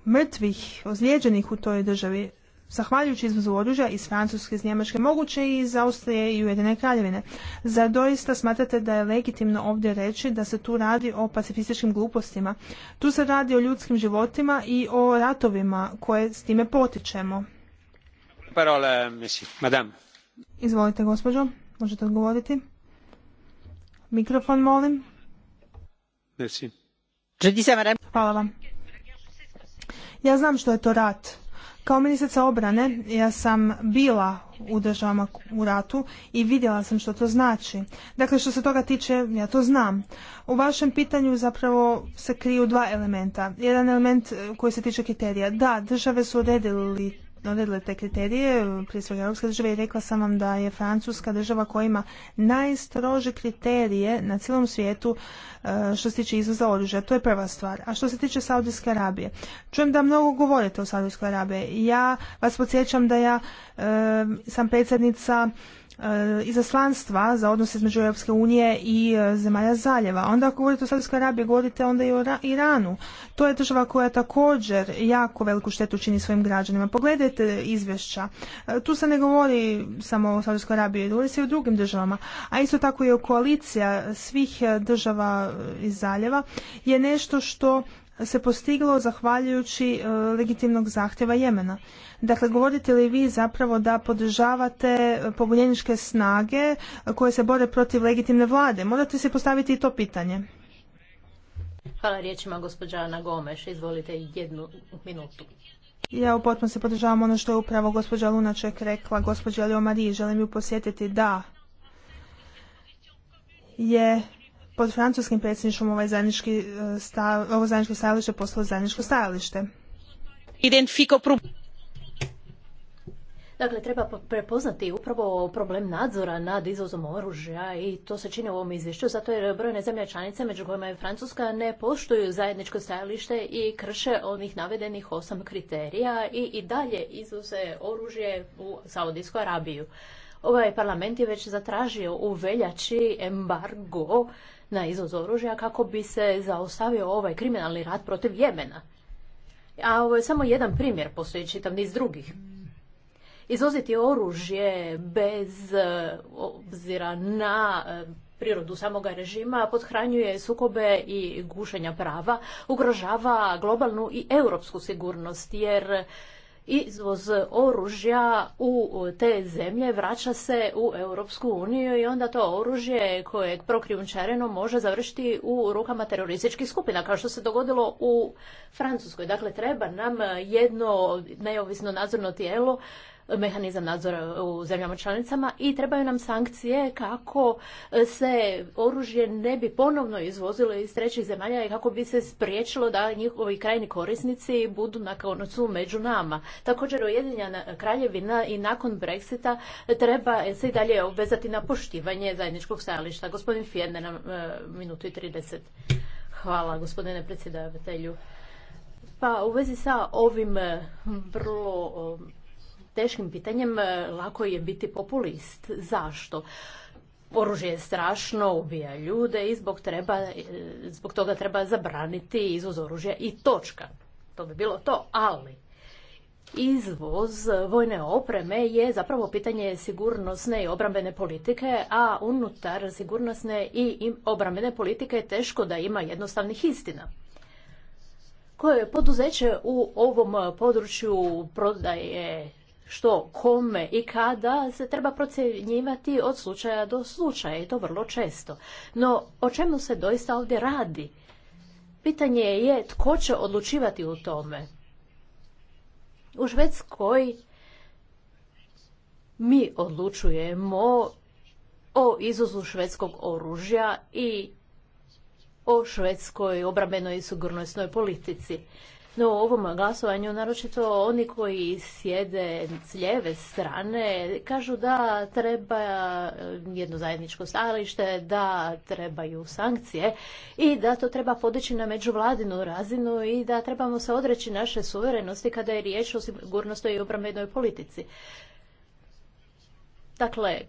mrtvih, ozlijeđenih u toj državi, zahvaljujući izvozu oružja iz Francuske, iz Njemačke, moguće i iz Austrije i Ujedine kraljevine. Za doista smatrate da je legitimno ovdje reći da se tu radi o pacifističkim glupostima? Tu se radi o ljudskim životima i o ratovima koje s time potičemo. Izvolite, gospođo. Možete odgovoriti. Mikrofon, molim. Hvala vam. Ja znam što je to rat. Kao ministrica obrane ja sam bila u državama u ratu i vidjela sam što to znači. Dakle, što se toga tiče, ja to znam. U vašem pitanju zapravo se kriju dva elementa. Jedan element eh, koji se tiče kriterija. Da, države su odredili odredile te kriterije, prije svega Europske države i rekla sam vam da je Francuska država koja ima najstrože kriterije na cijelom svijetu e, što se tiče izvoza oružja. To je prva stvar. A što se tiče Saudijske Arabije, čujem da mnogo govorite o Saudijskoj Arabiji. Ja vas podsjećam da ja e, sam predsjednica Eh, izaslanstva za odnose između Europske unije i eh, zemalja zaljeva. Onda ako govorite o Saudijskoj Arabiji, govorite onda i o Iranu. To je država koja također jako veliku štetu čini svojim građanima. Pogledajte izvješća. Eh, tu se ne govori samo o Saudijskoj Arabiji, govori se i o drugim državama. A isto tako i o koalicija svih država iz zaljeva je nešto što se postiglo zahvaljujući e, legitimnog zahtjeva Jemena. Dakle, govorite li vi zapravo da podržavate e, pobunjeničke snage e, koje se bore protiv legitimne vlade? Morate se postaviti i to pitanje. Hvala riječima gospođa Ana Izvolite jednu minutu. Ja u se podržavam ono što je upravo gospođa Lunaček rekla, gospođa Leo Mariji, želim ju posjetiti da je pod francuskim predsjedništvom ovaj zajednički e, stav, ovo zajedničko stajalište postalo zajedničko stajalište. Dakle, treba prepoznati upravo problem nadzora nad izvozom oružja i to se čini u ovom izvješću, zato jer brojne zemlje članice, među kojima je Francuska, ne poštuju zajedničko stajalište i krše onih navedenih osam kriterija i, i dalje izvoze oružje u Saudijsku Arabiju. Ovaj parlament je već zatražio u veljači embargo na izvoz oružja kako bi se zaustavio ovaj kriminalni rat protiv Jemena. A ovo je samo jedan primjer, postoji čitav niz drugih. Izvoziti oružje bez e, obzira na e, prirodu samoga režima, podhranjuje sukobe i gušenja prava, ugrožava globalnu i europsku sigurnost, jer izvoz oružja u te zemlje vraća se u Europsku uniju i onda to oružje koje prokrijumčareno može završiti u rukama terorističkih skupina, kao što se dogodilo u Francuskoj. Dakle, treba nam jedno neovisno nadzorno tijelo mehanizam nadzora u zemljama članicama i trebaju nam sankcije kako e, se oružje ne bi ponovno izvozilo iz trećih zemalja i kako bi se spriječilo da njihovi krajni korisnici budu na koncu među nama. Također Ujedinjena kraljevina i nakon Brexita treba se i dalje obvezati na poštivanje zajedničkog stajališta. Gospodin Fjerner na e, minutu i 30. Hvala gospodine predsjedavatelju. Pa u vezi sa ovim e, vrlo teškim pitanjem e, lako je biti populist. Zašto? Oružje je strašno, ubija ljude i zbog, treba, e, zbog toga treba zabraniti izvoz oružja i točka. To bi bilo to, ali izvoz vojne opreme je zapravo pitanje sigurnosne i obrambene politike, a unutar sigurnosne i obrambene politike je teško da ima jednostavnih istina. Koje poduzeće u ovom području prodaje što, kome i kada se treba procjenjivati od slučaja do slučaja i to vrlo često. No, o čemu se doista ovdje radi? Pitanje je tko će odlučivati u tome. U Švedskoj mi odlučujemo o izuzu švedskog oružja i o švedskoj obrambenoj i sigurnosnoj politici. No u ovom glasovanju, naročito oni koji sjede s lijeve strane, kažu da treba eh, jedno zajedničko stajalište, da trebaju sankcije i da to treba podići na međuvladinu razinu i da trebamo se odreći naše suverenosti kada je riječ o sigurnosti i obrambenoj politici. Dakle,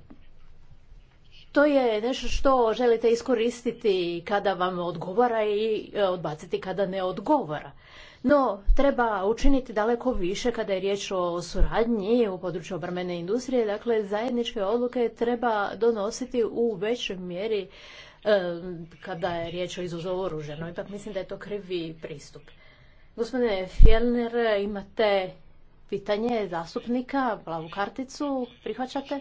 to je nešto što želite iskoristiti kada vam odgovara i eh, odbaciti kada ne odgovara. No, treba učiniti daleko više kada je riječ o suradnji u području obrambene industrije. Dakle, zajedničke odluke treba donositi u većoj mjeri kada je riječ o izuzu oružja. No, ipak mislim da je to krivi pristup. Gospodine Fjellner, imate pitanje zastupnika, plavu karticu, prihvaćate?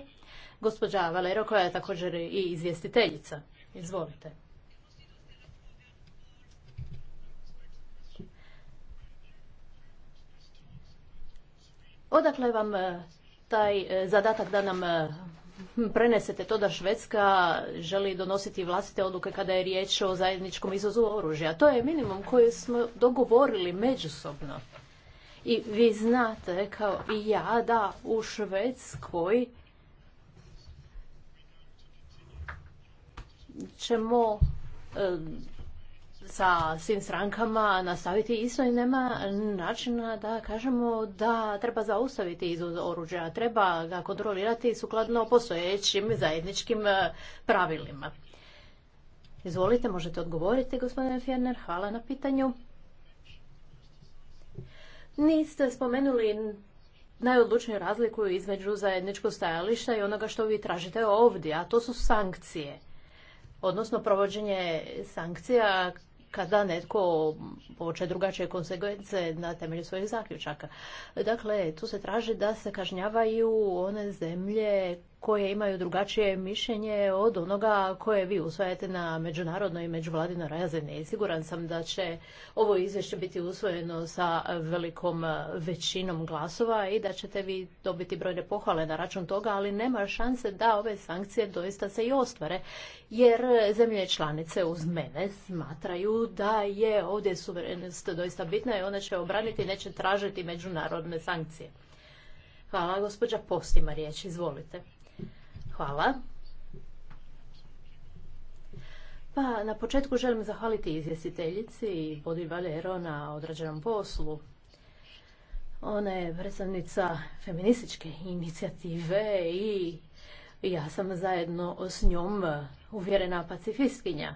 Gospođa Valero, koja je također i izvjestiteljica. Izvolite. Odakle vam e, taj e, zadatak da nam e, prenesete to da Švedska želi donositi vlastite odluke kada je riječ o zajedničkom izvozu oružja. To je minimum koji smo dogovorili međusobno. I vi znate, kao i ja, da u Švedskoj ćemo sa svim strankama nastaviti isto i nema načina da kažemo da treba zaustaviti izvoz oružja, treba ga kontrolirati sukladno postojećim zajedničkim e, pravilima. Izvolite, možete odgovoriti, gospodine Fjerner. Hvala na pitanju. Niste spomenuli najodlučniju razliku između zajedničkog stajališta i onoga što vi tražite ovdje, a to su sankcije odnosno provođenje sankcija kada netko poče drugačije konsekvence na temelju svojih zaključaka. Dakle, tu se traži da se kažnjavaju one zemlje koje imaju drugačije mišljenje od onoga koje vi usvajate na međunarodnoj i međuvladinoj razini. Siguran sam da će ovo izvješće biti usvojeno sa velikom većinom glasova i da ćete vi dobiti brojne pohvale na račun toga, ali nema šanse da ove sankcije doista se i ostvare, jer zemlje članice uz mene smatraju da je ovdje suverenost doista bitna i ona će obraniti i neće tražiti međunarodne sankcije. Hvala, gospođa Postima riječ, izvolite. Hvala. Pa na početku želim zahvaliti izvjestiteljici i Bodi Valero na odrađenom poslu. Ona je predstavnica feminističke inicijative i ja sam zajedno s njom uvjerena pacifistkinja.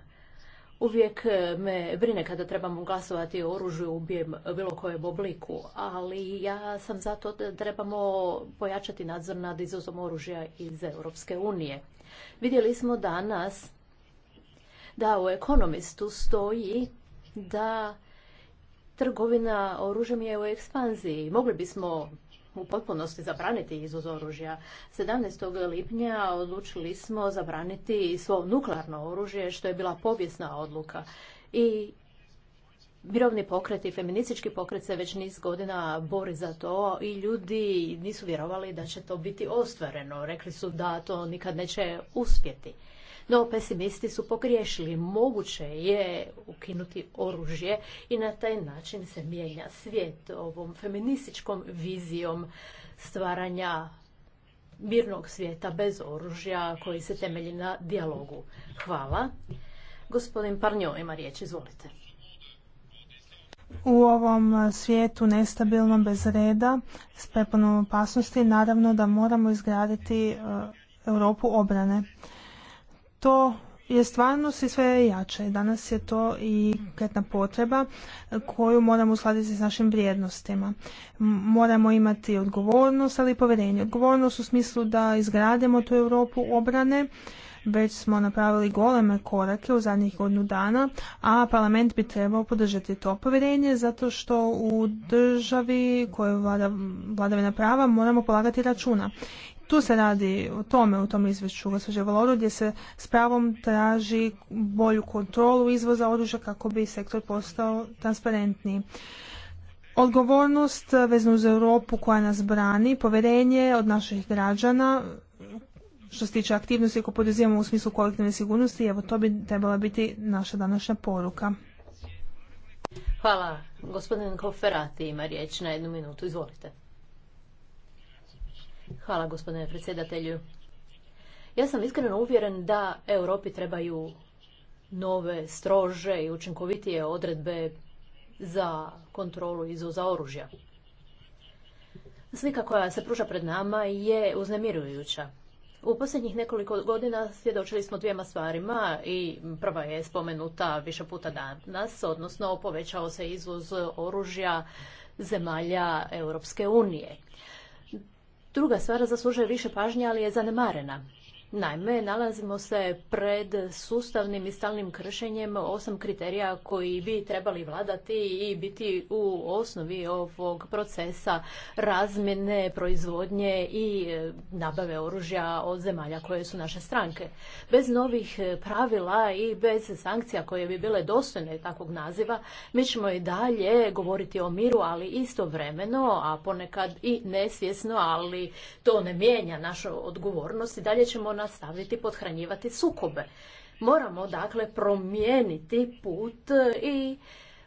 Uvijek e, me brine kada trebamo glasovati o oružju u bilo kojem obliku, ali ja sam zato da trebamo pojačati nadzor nad izvozom oružja iz Europske unije. Vidjeli smo danas da u ekonomistu stoji da trgovina oružjem je u ekspanziji. Mogli bismo u potpunosti zabraniti izvoz oružja. 17. lipnja odlučili smo zabraniti svo nuklearno oružje, što je bila povijesna odluka. I Mirovni pokret i feministički pokret se već niz godina bori za to i ljudi nisu vjerovali da će to biti ostvareno. Rekli su da to nikad neće uspjeti. No, pesimisti su pogriješili. Moguće je ukinuti oružje i na taj način se mijenja svijet ovom feminističkom vizijom stvaranja mirnog svijeta bez oružja koji se temelji na dijalogu. Hvala. Gospodin Parnjo ima riječ, izvolite. U ovom svijetu nestabilnom bez reda, s prepunom opasnosti, naravno da moramo izgraditi e, Europu obrane to je stvarno i sve jače. Danas je to i kretna potreba koju moramo uskladiti s našim vrijednostima. Moramo imati odgovornost, ali i povjerenje. Odgovornost u smislu da izgradimo tu Europu obrane, već smo napravili goleme korake u zadnjih godinu dana, a parlament bi trebao podržati to povjerenje zato što u državi koje vlada vladavina prava moramo polagati računa. Tu se radi o tome u tom izvješću gospođe Valoru gdje se s pravom traži bolju kontrolu izvoza oružja kako bi sektor postao transparentniji. Odgovornost veznu uz Europu koja nas brani, povjerenje od naših građana što se tiče aktivnosti koje poduzimamo u smislu kolektivne sigurnosti, evo to bi trebala biti naša današnja poruka. Hvala. Gospodin Koferati ima riječ na jednu minutu. Izvolite. Hvala gospodine predsjedatelju. Ja sam iskreno uvjeren da Europi trebaju nove, strože i učinkovitije odredbe za kontrolu izvoza oružja. Slika koja se pruža pred nama je uznemirujuća. U posljednjih nekoliko godina svjedočili smo dvijema stvarima i prva je spomenuta više puta danas, odnosno povećao se izvoz oružja zemalja Europske unije. Druga stvar zaslužuje više pažnje, ali je zanemarena. Naime, nalazimo se pred sustavnim i stalnim kršenjem osam kriterija koji bi trebali vladati i biti u osnovi ovog procesa razmjene, proizvodnje i e, nabave oružja od zemalja koje su naše stranke. Bez novih pravila i bez sankcija koje bi bile dostojne takvog naziva, mi ćemo i dalje govoriti o miru, ali istovremeno, a ponekad i nesvjesno, ali to ne mijenja našu odgovornost i dalje ćemo nastaviti podhranjivati sukobe. Moramo dakle promijeniti put i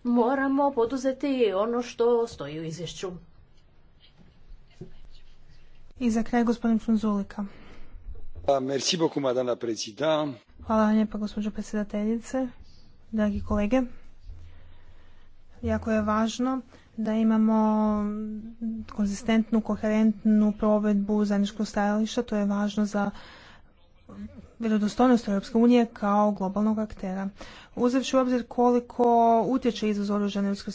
moramo poduzeti ono što stoji u izvješću. I za kraj gospodin Pa, Merci beaucoup, madame Hvala vam lijepa, gospođo predsjedateljice, dragi kolege. Jako je važno da imamo konzistentnu, koherentnu provedbu zajedničkog stajališta. To je važno za vjerodostojnost Europske unije kao globalnog aktera uzevši u obzir koliko utječe izvoz oružja na ljudsku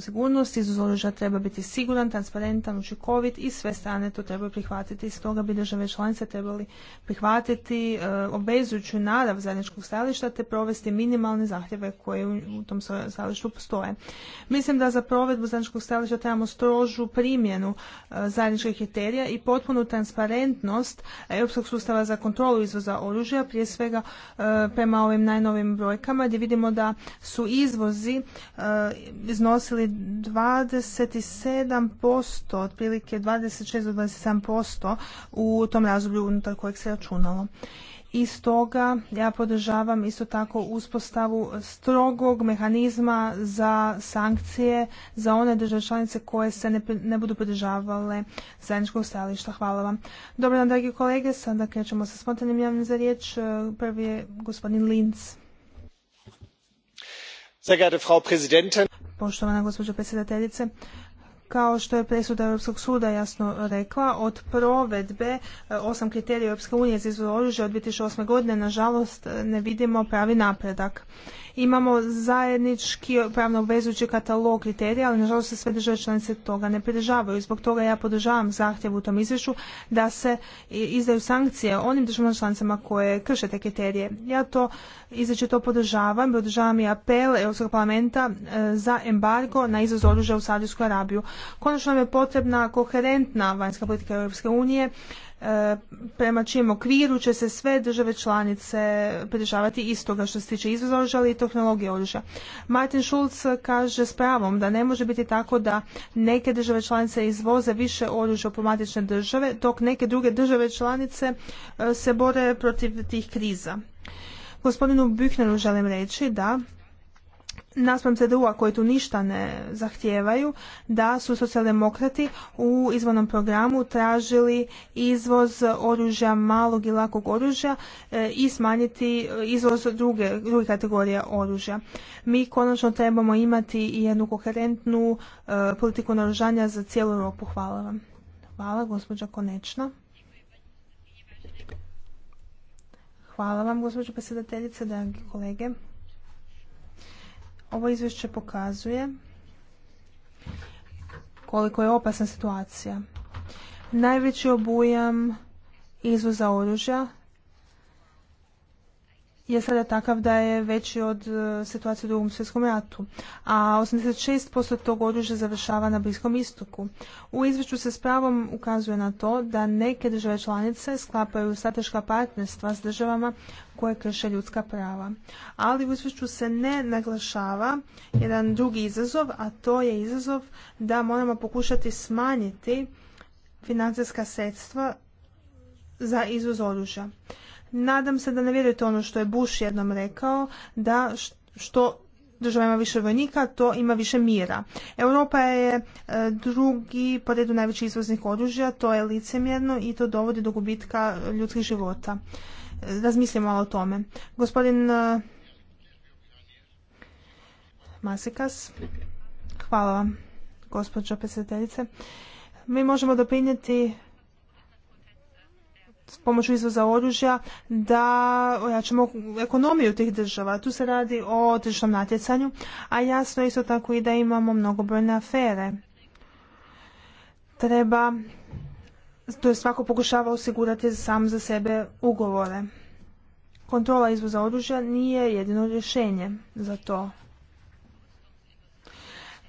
sigurnost, izvoz oružja treba biti siguran, transparentan, učinkovit i sve strane to trebaju prihvatiti. I stoga bi države članice trebali prihvatiti e, obvezujuću narav zajedničkog stajališta te provesti minimalne zahtjeve koje u, tom stajalištu postoje. Mislim da za provedbu zajedničkog stajališta trebamo strožu primjenu e, zajedničkih kriterija i potpunu transparentnost europskog sustava za kontrolu izvoza oružja, prije svega e, prema ovim najnovim brojkama gdje vidimo da su izvozi e, dvadeset iznosili 27%, otprilike 26 do 27% u tom razdoblju unutar kojeg se računalo. I stoga ja podržavam isto tako uspostavu strogog mehanizma za sankcije za one države članice koje se ne, ne budu podržavale zajedničkog stajališta. Hvala vam. Dobro dan, dragi kolege. Sada krećemo sa spontanim javnim za riječ. E, prvi je gospodin Linz. Poštovana gospođo predsjedateljice, kao što je presuda Europskog suda jasno rekla, od provedbe e, osam kriterija Europske unije za izvoz oružja od 2008. godine, nažalost, e, ne vidimo pravi napredak imamo zajednički pravno obvezujući katalog kriterija, ali nažalost se sve države članice toga ne pridržavaju. Zbog toga ja podržavam zahtjev u tom izvješću da se izdaju sankcije onim državama članicama koje krše te kriterije. Ja to to podržavam, podržavam i apel Europskog parlamenta e, za embargo na izvoz oružja u Saudijsku Arabiju. Konačno nam je potrebna koherentna vanjska politika Europske unije prema čijem okviru će se sve države članice pridržavati istoga što se tiče izvoza oružja ali i tehnologije oružja. Martin Schulz kaže s pravom da ne može biti tako da neke države članice izvoze više oružja u države dok neke druge države članice e, se bore protiv tih kriza. Gospodinu Büchneru želim reći da naspram CDU-a koji tu ništa ne zahtijevaju, da su socijaldemokrati u izvornom programu tražili izvoz oružja, malog i lakog oružja e, i smanjiti e, izvoz druge, druge kategorije oružja. Mi konačno trebamo imati i jednu koherentnu e, politiku naoružanja za cijelu Europu. Hvala vam. Hvala, gospođa Konečna. Hvala vam, gospođo predsjedateljice, dragi kolege. Ovo izvješće pokazuje koliko je opasna situacija. Najveći obujam izvoza oružja je sada takav da je veći od e, situacije u drugom svjetskom ratu, a 86% tog oružja završava na Bliskom istoku. U izvješću se s pravom ukazuje na to da neke države članice sklapaju strateška partnerstva s državama koje krše ljudska prava. Ali u izvješću se ne naglašava jedan drugi izazov, a to je izazov da moramo pokušati smanjiti financijska sredstva za izvoz oružja. Nadam se da ne vjerujete ono što je Bush jednom rekao, da što država ima više vojnika, to ima više mira. Europa je e, drugi po redu najveći izvoznih oružja, to je licemjerno i to dovodi do gubitka ljudskih života. E, razmislimo malo o tome. Gospodin e, Masikas, hvala vam, gospođo predsjedateljice. Mi možemo doprinijeti s pomoću izvoza oružja da ojačamo ekonomiju tih država. Tu se radi o tržišnom natjecanju, a jasno isto tako i da imamo mnogobrojne afere. Treba, to je svako pokušava osigurati sam za sebe ugovore. Kontrola izvoza oružja nije jedino rješenje za to.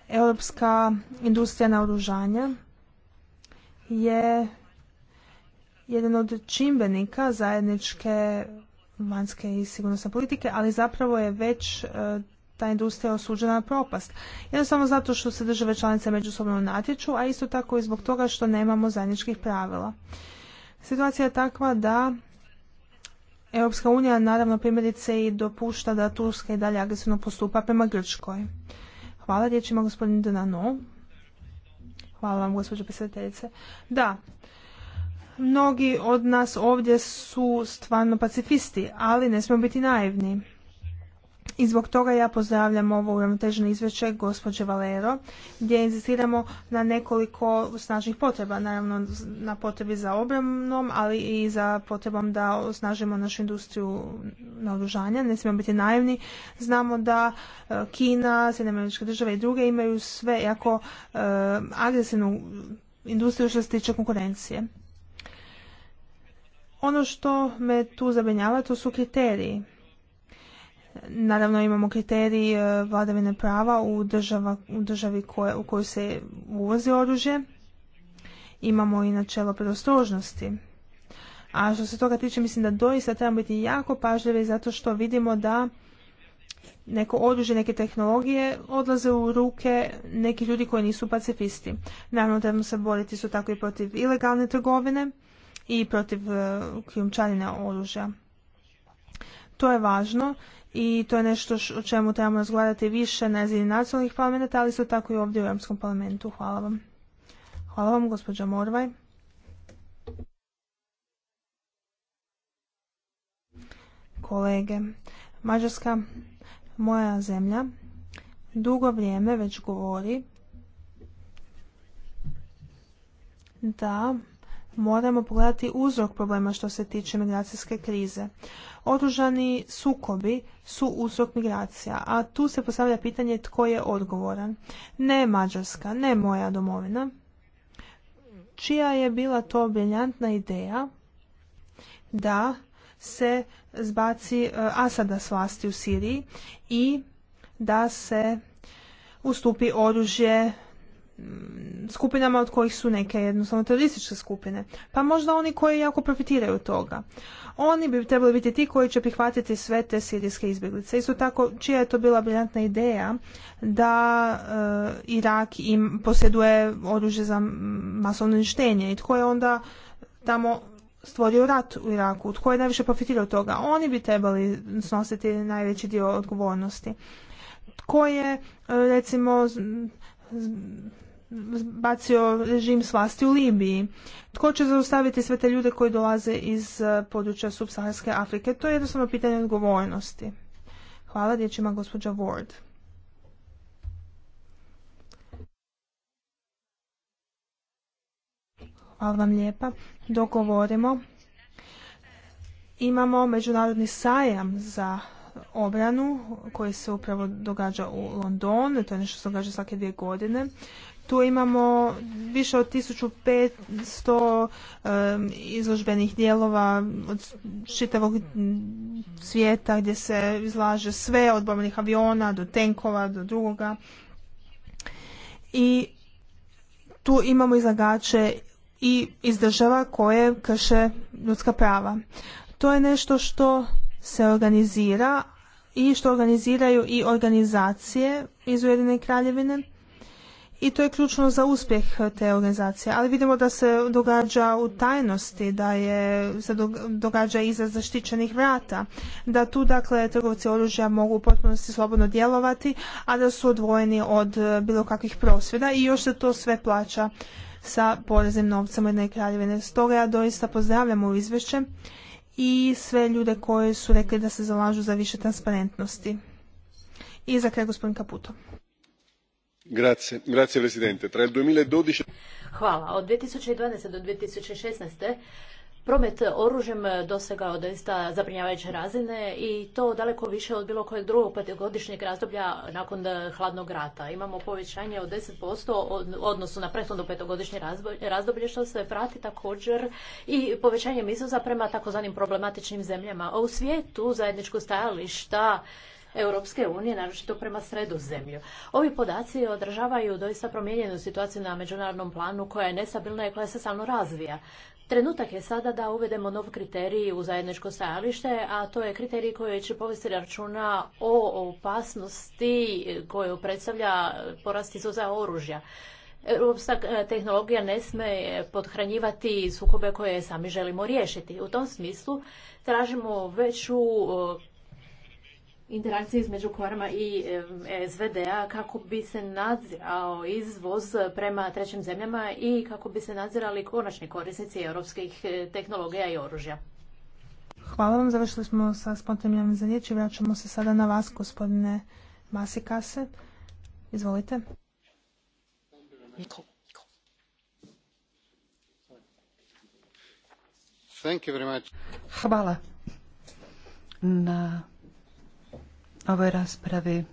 Europska industrija naoružanja je jedan od čimbenika zajedničke vanjske i sigurnosne politike, ali zapravo je već e, ta industrija osuđena na propast. Jednostavno zato što se države članice međusobno natječu, a isto tako i zbog toga što nemamo zajedničkih pravila. Situacija je takva da Europska unija naravno primjerice i dopušta da Turska i dalje agresivno postupa prema Grčkoj. Hvala, riječ ima gospodin Denano. Hvala vam, gospođo predsjedateljice. Da, Mnogi od nas ovdje su stvarno pacifisti, ali ne smo biti naivni. I zbog toga ja pozdravljam ovo uravnoteženo izvješće gospođe Valero, gdje insistiramo na nekoliko snažnih potreba, naravno na potrebi za obranom, ali i za potrebom da osnažimo našu industriju naoružanja. Ne smijemo biti naivni. Znamo da e, Kina, Sjedinjene američke države i druge imaju sve jako e, agresivnu industriju što se tiče konkurencije. Ono što me tu zabrinjava to su kriteriji. Naravno imamo kriterij e, vladavine prava u, država, u državi koje, u kojoj se uvozi oružje. Imamo i načelo predostrožnosti. A što se toga tiče, mislim da doista trebamo biti jako pažljivi zato što vidimo da neko oružje, neke tehnologije odlaze u ruke nekih ljudi koji nisu pacifisti. Naravno trebamo se boriti su tako i protiv ilegalne trgovine i protiv e, krijumčarina oružja. To je važno i to je nešto o čemu trebamo razgledati više na razini nacionalnih parlamenta, ali isto tako i ovdje u Europskom parlamentu. Hvala vam. Hvala vam, gospođa Morvaj. Kolege, Mađarska, moja zemlja, dugo vrijeme već govori da moramo pogledati uzrok problema što se tiče migracijske krize. Oružani sukobi su uzrok migracija, a tu se postavlja pitanje tko je odgovoran. Ne Mađarska, ne moja domovina. Čija je bila to briljantna ideja da se zbaci e, Asada s vlasti u Siriji i da se ustupi oružje Mm, skupinama od kojih su neke jednostavno terorističke skupine. Pa možda oni koji jako profitiraju od toga. Oni bi trebali biti ti koji će prihvatiti sve te sirijske izbjeglice. Isto tako, čija je to bila briljantna ideja da eh, Irak im posjeduje oružje za masovno uništenje i tko je onda tamo stvorio rat u Iraku, tko je najviše profitirao od toga. Oni bi trebali snositi najveći dio odgovornosti. Tko je, eh, recimo, bacio režim s u Libiji. Tko će zaustaviti sve te ljude koji dolaze iz eh, područja subsaharske Afrike? To je jednostavno pitanje odgovornosti. Hvala, dječima gospođa Ward. Hvala vam lijepa. Dogovorimo. Imamo međunarodni sajam za obranu koji se upravo događa u Londonu, to je nešto što se događa svake dvije godine. Tu imamo više od 1500 um, izložbenih dijelova od šitavog svijeta gdje se izlaže sve od bombenih aviona do tenkova do drugoga. I tu imamo izlagače i iz država koje krše ljudska prava. To je nešto što se organizira i što organiziraju i organizacije iz Ujedine kraljevine i to je ključno za uspjeh te organizacije. Ali vidimo da se događa u tajnosti, da je, se događa iza zaštićenih vrata, da tu dakle trgovci oružja mogu u potpunosti slobodno djelovati, a da su odvojeni od eh, bilo kakvih prosvjeda i još se to sve plaća sa poreznim novcem jedne kraljevine. Stoga ja doista pozdravljam u izvješće i sve ljude koji su rekli da se zalažu za više transparentnosti. I za kraj gospodin Kaputo. Grazie, Od presidente. Tra il 2012... Hvala. Od 2012. do 2016. Promet oružjem dosegao doista zabrinjavajuće razine i to daleko više od bilo kojeg drugog petogodišnjeg razdoblja nakon hladnog rata. Imamo povećanje od 10% u odnosu na prethodno petogodišnje razdoblje što se prati također i povećanjem izvoza prema takozvanim problematičnim zemljama. A u svijetu zajedničko stajališta Europske unije, naročito prema sredu zemlju. Ovi podaci održavaju doista promijenjenu situaciju na međunarodnom planu koja je nestabilna i koja se samo razvija. Trenutak je sada da uvedemo nov kriterij u zajedničko stajalište, a to je kriterij koji će povesti računa o opasnosti koju predstavlja porast izvoza oružja. Europska tehnologija ne sme podhranjivati sukobe koje sami želimo riješiti. U tom smislu tražimo veću interakcije između korama i SVD-a kako bi se nadzirao izvoz prema trećim zemljama i kako bi se nadzirali konačni korisnici europskih eh, tehnologija i oružja. Hvala vam, završili smo sa spontanim za riječ i vraćamo se sada na vas, gospodine Masikase. Izvolite. Hvala na ovoj raspravi.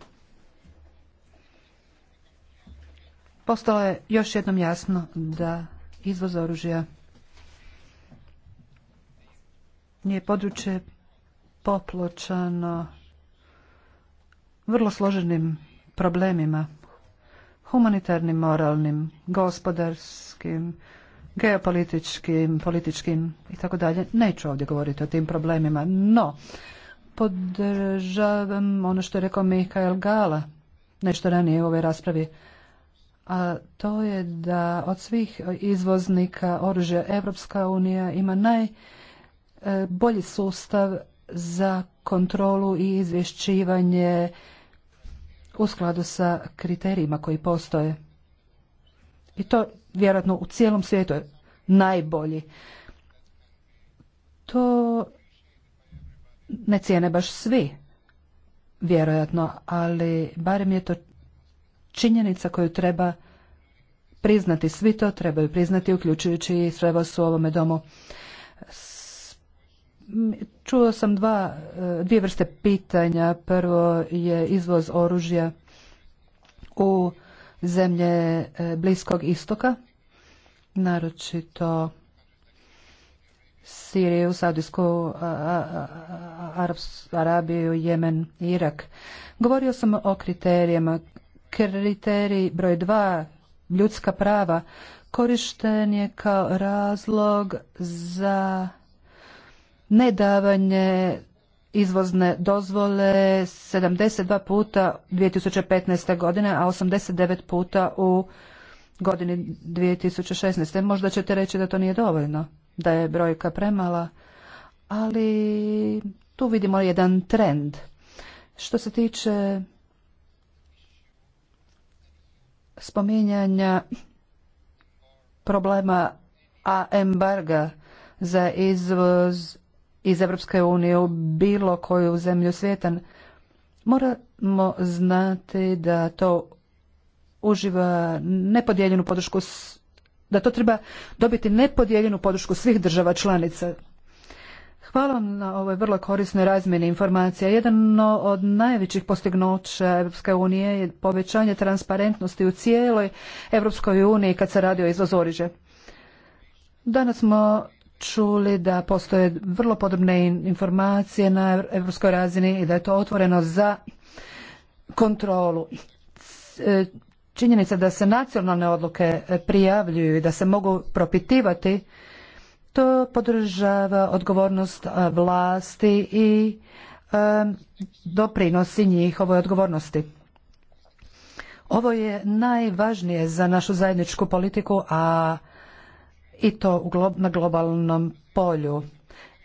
Postalo je još jednom jasno da izvoz oružja nije područje popločano vrlo složenim problemima, humanitarnim, moralnim, gospodarskim, geopolitičkim, političkim i tako dalje. Neću ovdje govoriti o tim problemima, no podržavam ono što je rekao Mikael Gala nešto ranije u ovoj raspravi, a to je da od svih izvoznika oružja Evropska unija ima najbolji e, sustav za kontrolu i izvješćivanje u skladu sa kriterijima koji postoje. I to vjerojatno u cijelom svijetu je najbolji. To ne cijene baš svi, vjerojatno, ali barem je to činjenica koju treba priznati. Svi to trebaju priznati, uključujući i sve vas u ovome domu. Čuo sam dva, dvije vrste pitanja. Prvo je izvoz oružja u zemlje e, Bliskog istoka, naročito Siriju, Saudijsku Arabiju, Jemen, Irak. Govorio sam o kriterijama. Kriterij broj dva, ljudska prava, korišten je kao razlog za nedavanje izvozne dozvole 72 puta 2015. godine, a 89 puta u godini 2016. Možda ćete reći da to nije dovoljno da je brojka premala, ali tu vidimo jedan trend. Što se tiče spominjanja problema a embarga za izvoz iz Evropske unije u bilo koju zemlju svijetan, moramo znati da to uživa nepodijeljenu podršku da to treba dobiti nepodijeljenu podršku svih država članica. Hvala vam na ovoj vrlo korisnoj razmjeni informacija. Jedan od najvećih postignuća EU unije je povećanje transparentnosti u cijeloj Europskoj uniji kad se radi o izvozu Danas smo čuli da postoje vrlo podobne informacije na europskoj razini i da je to otvoreno za kontrolu e, činjenica da se nacionalne odluke e, prijavljuju i da se mogu propitivati, to podržava odgovornost e, vlasti i e, doprinosi njihovoj odgovornosti. Ovo je najvažnije za našu zajedničku politiku, a i to na globalnom polju.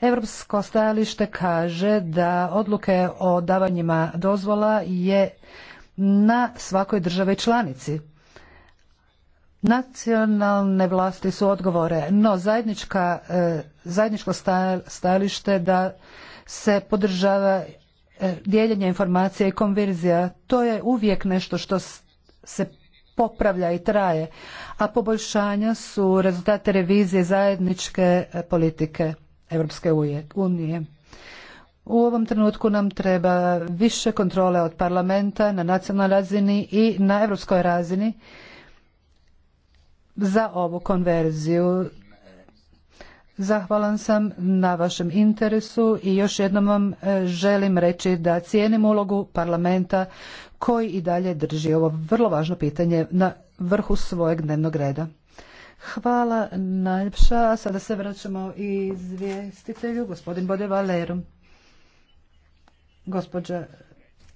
Evropsko stajalište kaže da odluke o davanjima dozvola je na svakoj države članici. Nacionalne vlasti su odgovore, no zajednička, e, zajedničko stajalište da se podržava e, dijeljenje informacija i konverzija, to je uvijek nešto što se popravlja i traje, a poboljšanja su rezultate revizije zajedničke e, politike Europske unije. U ovom trenutku nam treba više kontrole od parlamenta na nacionalnoj razini i na europskoj razini za ovu konverziju. Zahvalan sam na vašem interesu i još jednom vam e, želim reći da cijenim ulogu parlamenta koji i dalje drži ovo vrlo važno pitanje na vrhu svojeg dnevnog reda. Hvala najljepša. Sada se vraćamo i izvjestitelju, gospodin Bode Valeru gospođa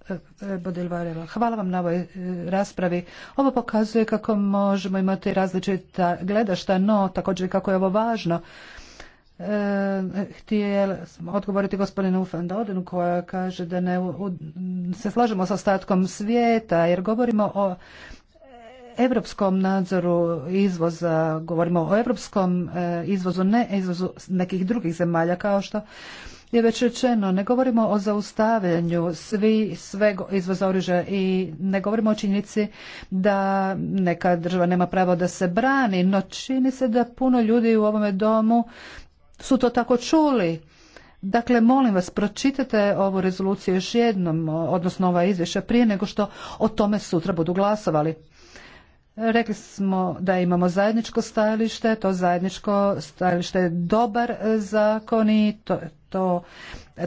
e, e, Hvala vam na ovoj e, raspravi. Ovo pokazuje kako možemo imati različita gledašta, no također kako je ovo važno. E, sam odgovoriti gospodinu Van koja kaže da ne se slažemo sa ostatkom svijeta jer govorimo o europskom nadzoru izvoza, govorimo o europskom izvozu, ne izvozu nekih drugih zemalja kao što je već rečeno, ne govorimo o zaustavljanju svi sveg izvoza oružja i ne govorimo o činjenici da neka država nema pravo da se brani, no čini se da puno ljudi u ovome domu su to tako čuli. Dakle, molim vas, pročitajte ovu rezoluciju još jednom, odnosno ova izvješća, prije nego što o tome sutra budu glasovali. Rekli smo da imamo zajedničko stajalište, to zajedničko stajalište je dobar zakon i to, to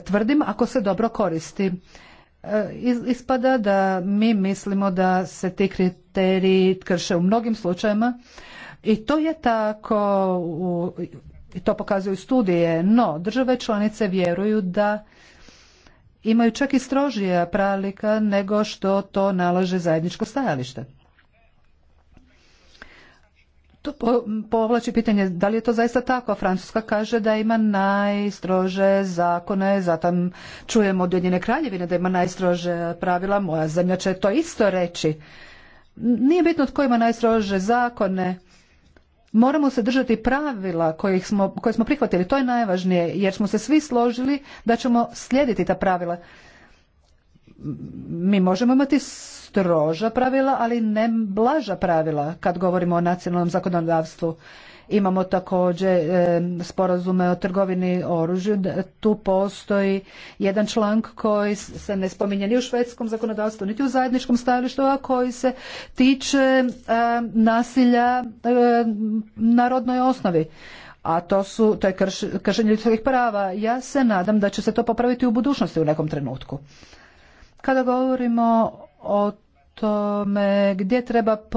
tvrdim ako se dobro koristi. E, ispada da mi mislimo da se ti kriteriji krše u mnogim slučajevima i to je tako i to pokazuju studije, no države članice vjeruju da imaju čak i strožija pralika nego što to nalaže zajedničko stajalište povlači pitanje da li je to zaista tako. Francuska kaže da ima najstrože zakone, zatim čujemo od Ujedinjene kraljevine da ima najstrože pravila. Moja zemlja će to isto reći. Nije bitno tko ima najstrože zakone. Moramo se držati pravila kojih smo, koje smo prihvatili. To je najvažnije jer smo se svi složili da ćemo slijediti ta pravila. Mi možemo imati stroža pravila, ali ne blaža pravila kad govorimo o nacionalnom zakonodavstvu. Imamo također e, sporazume o trgovini oružju. Tu postoji jedan člank koji se ne spominje ni u švedskom zakonodavstvu, niti u zajedničkom stajalištu, a koji se tiče e, nasilja e, narodnoj rodnoj osnovi a to su to je kršenje ljudskih prava. Ja se nadam da će se to popraviti u budućnosti u nekom trenutku. Kada govorimo o tome gdje treba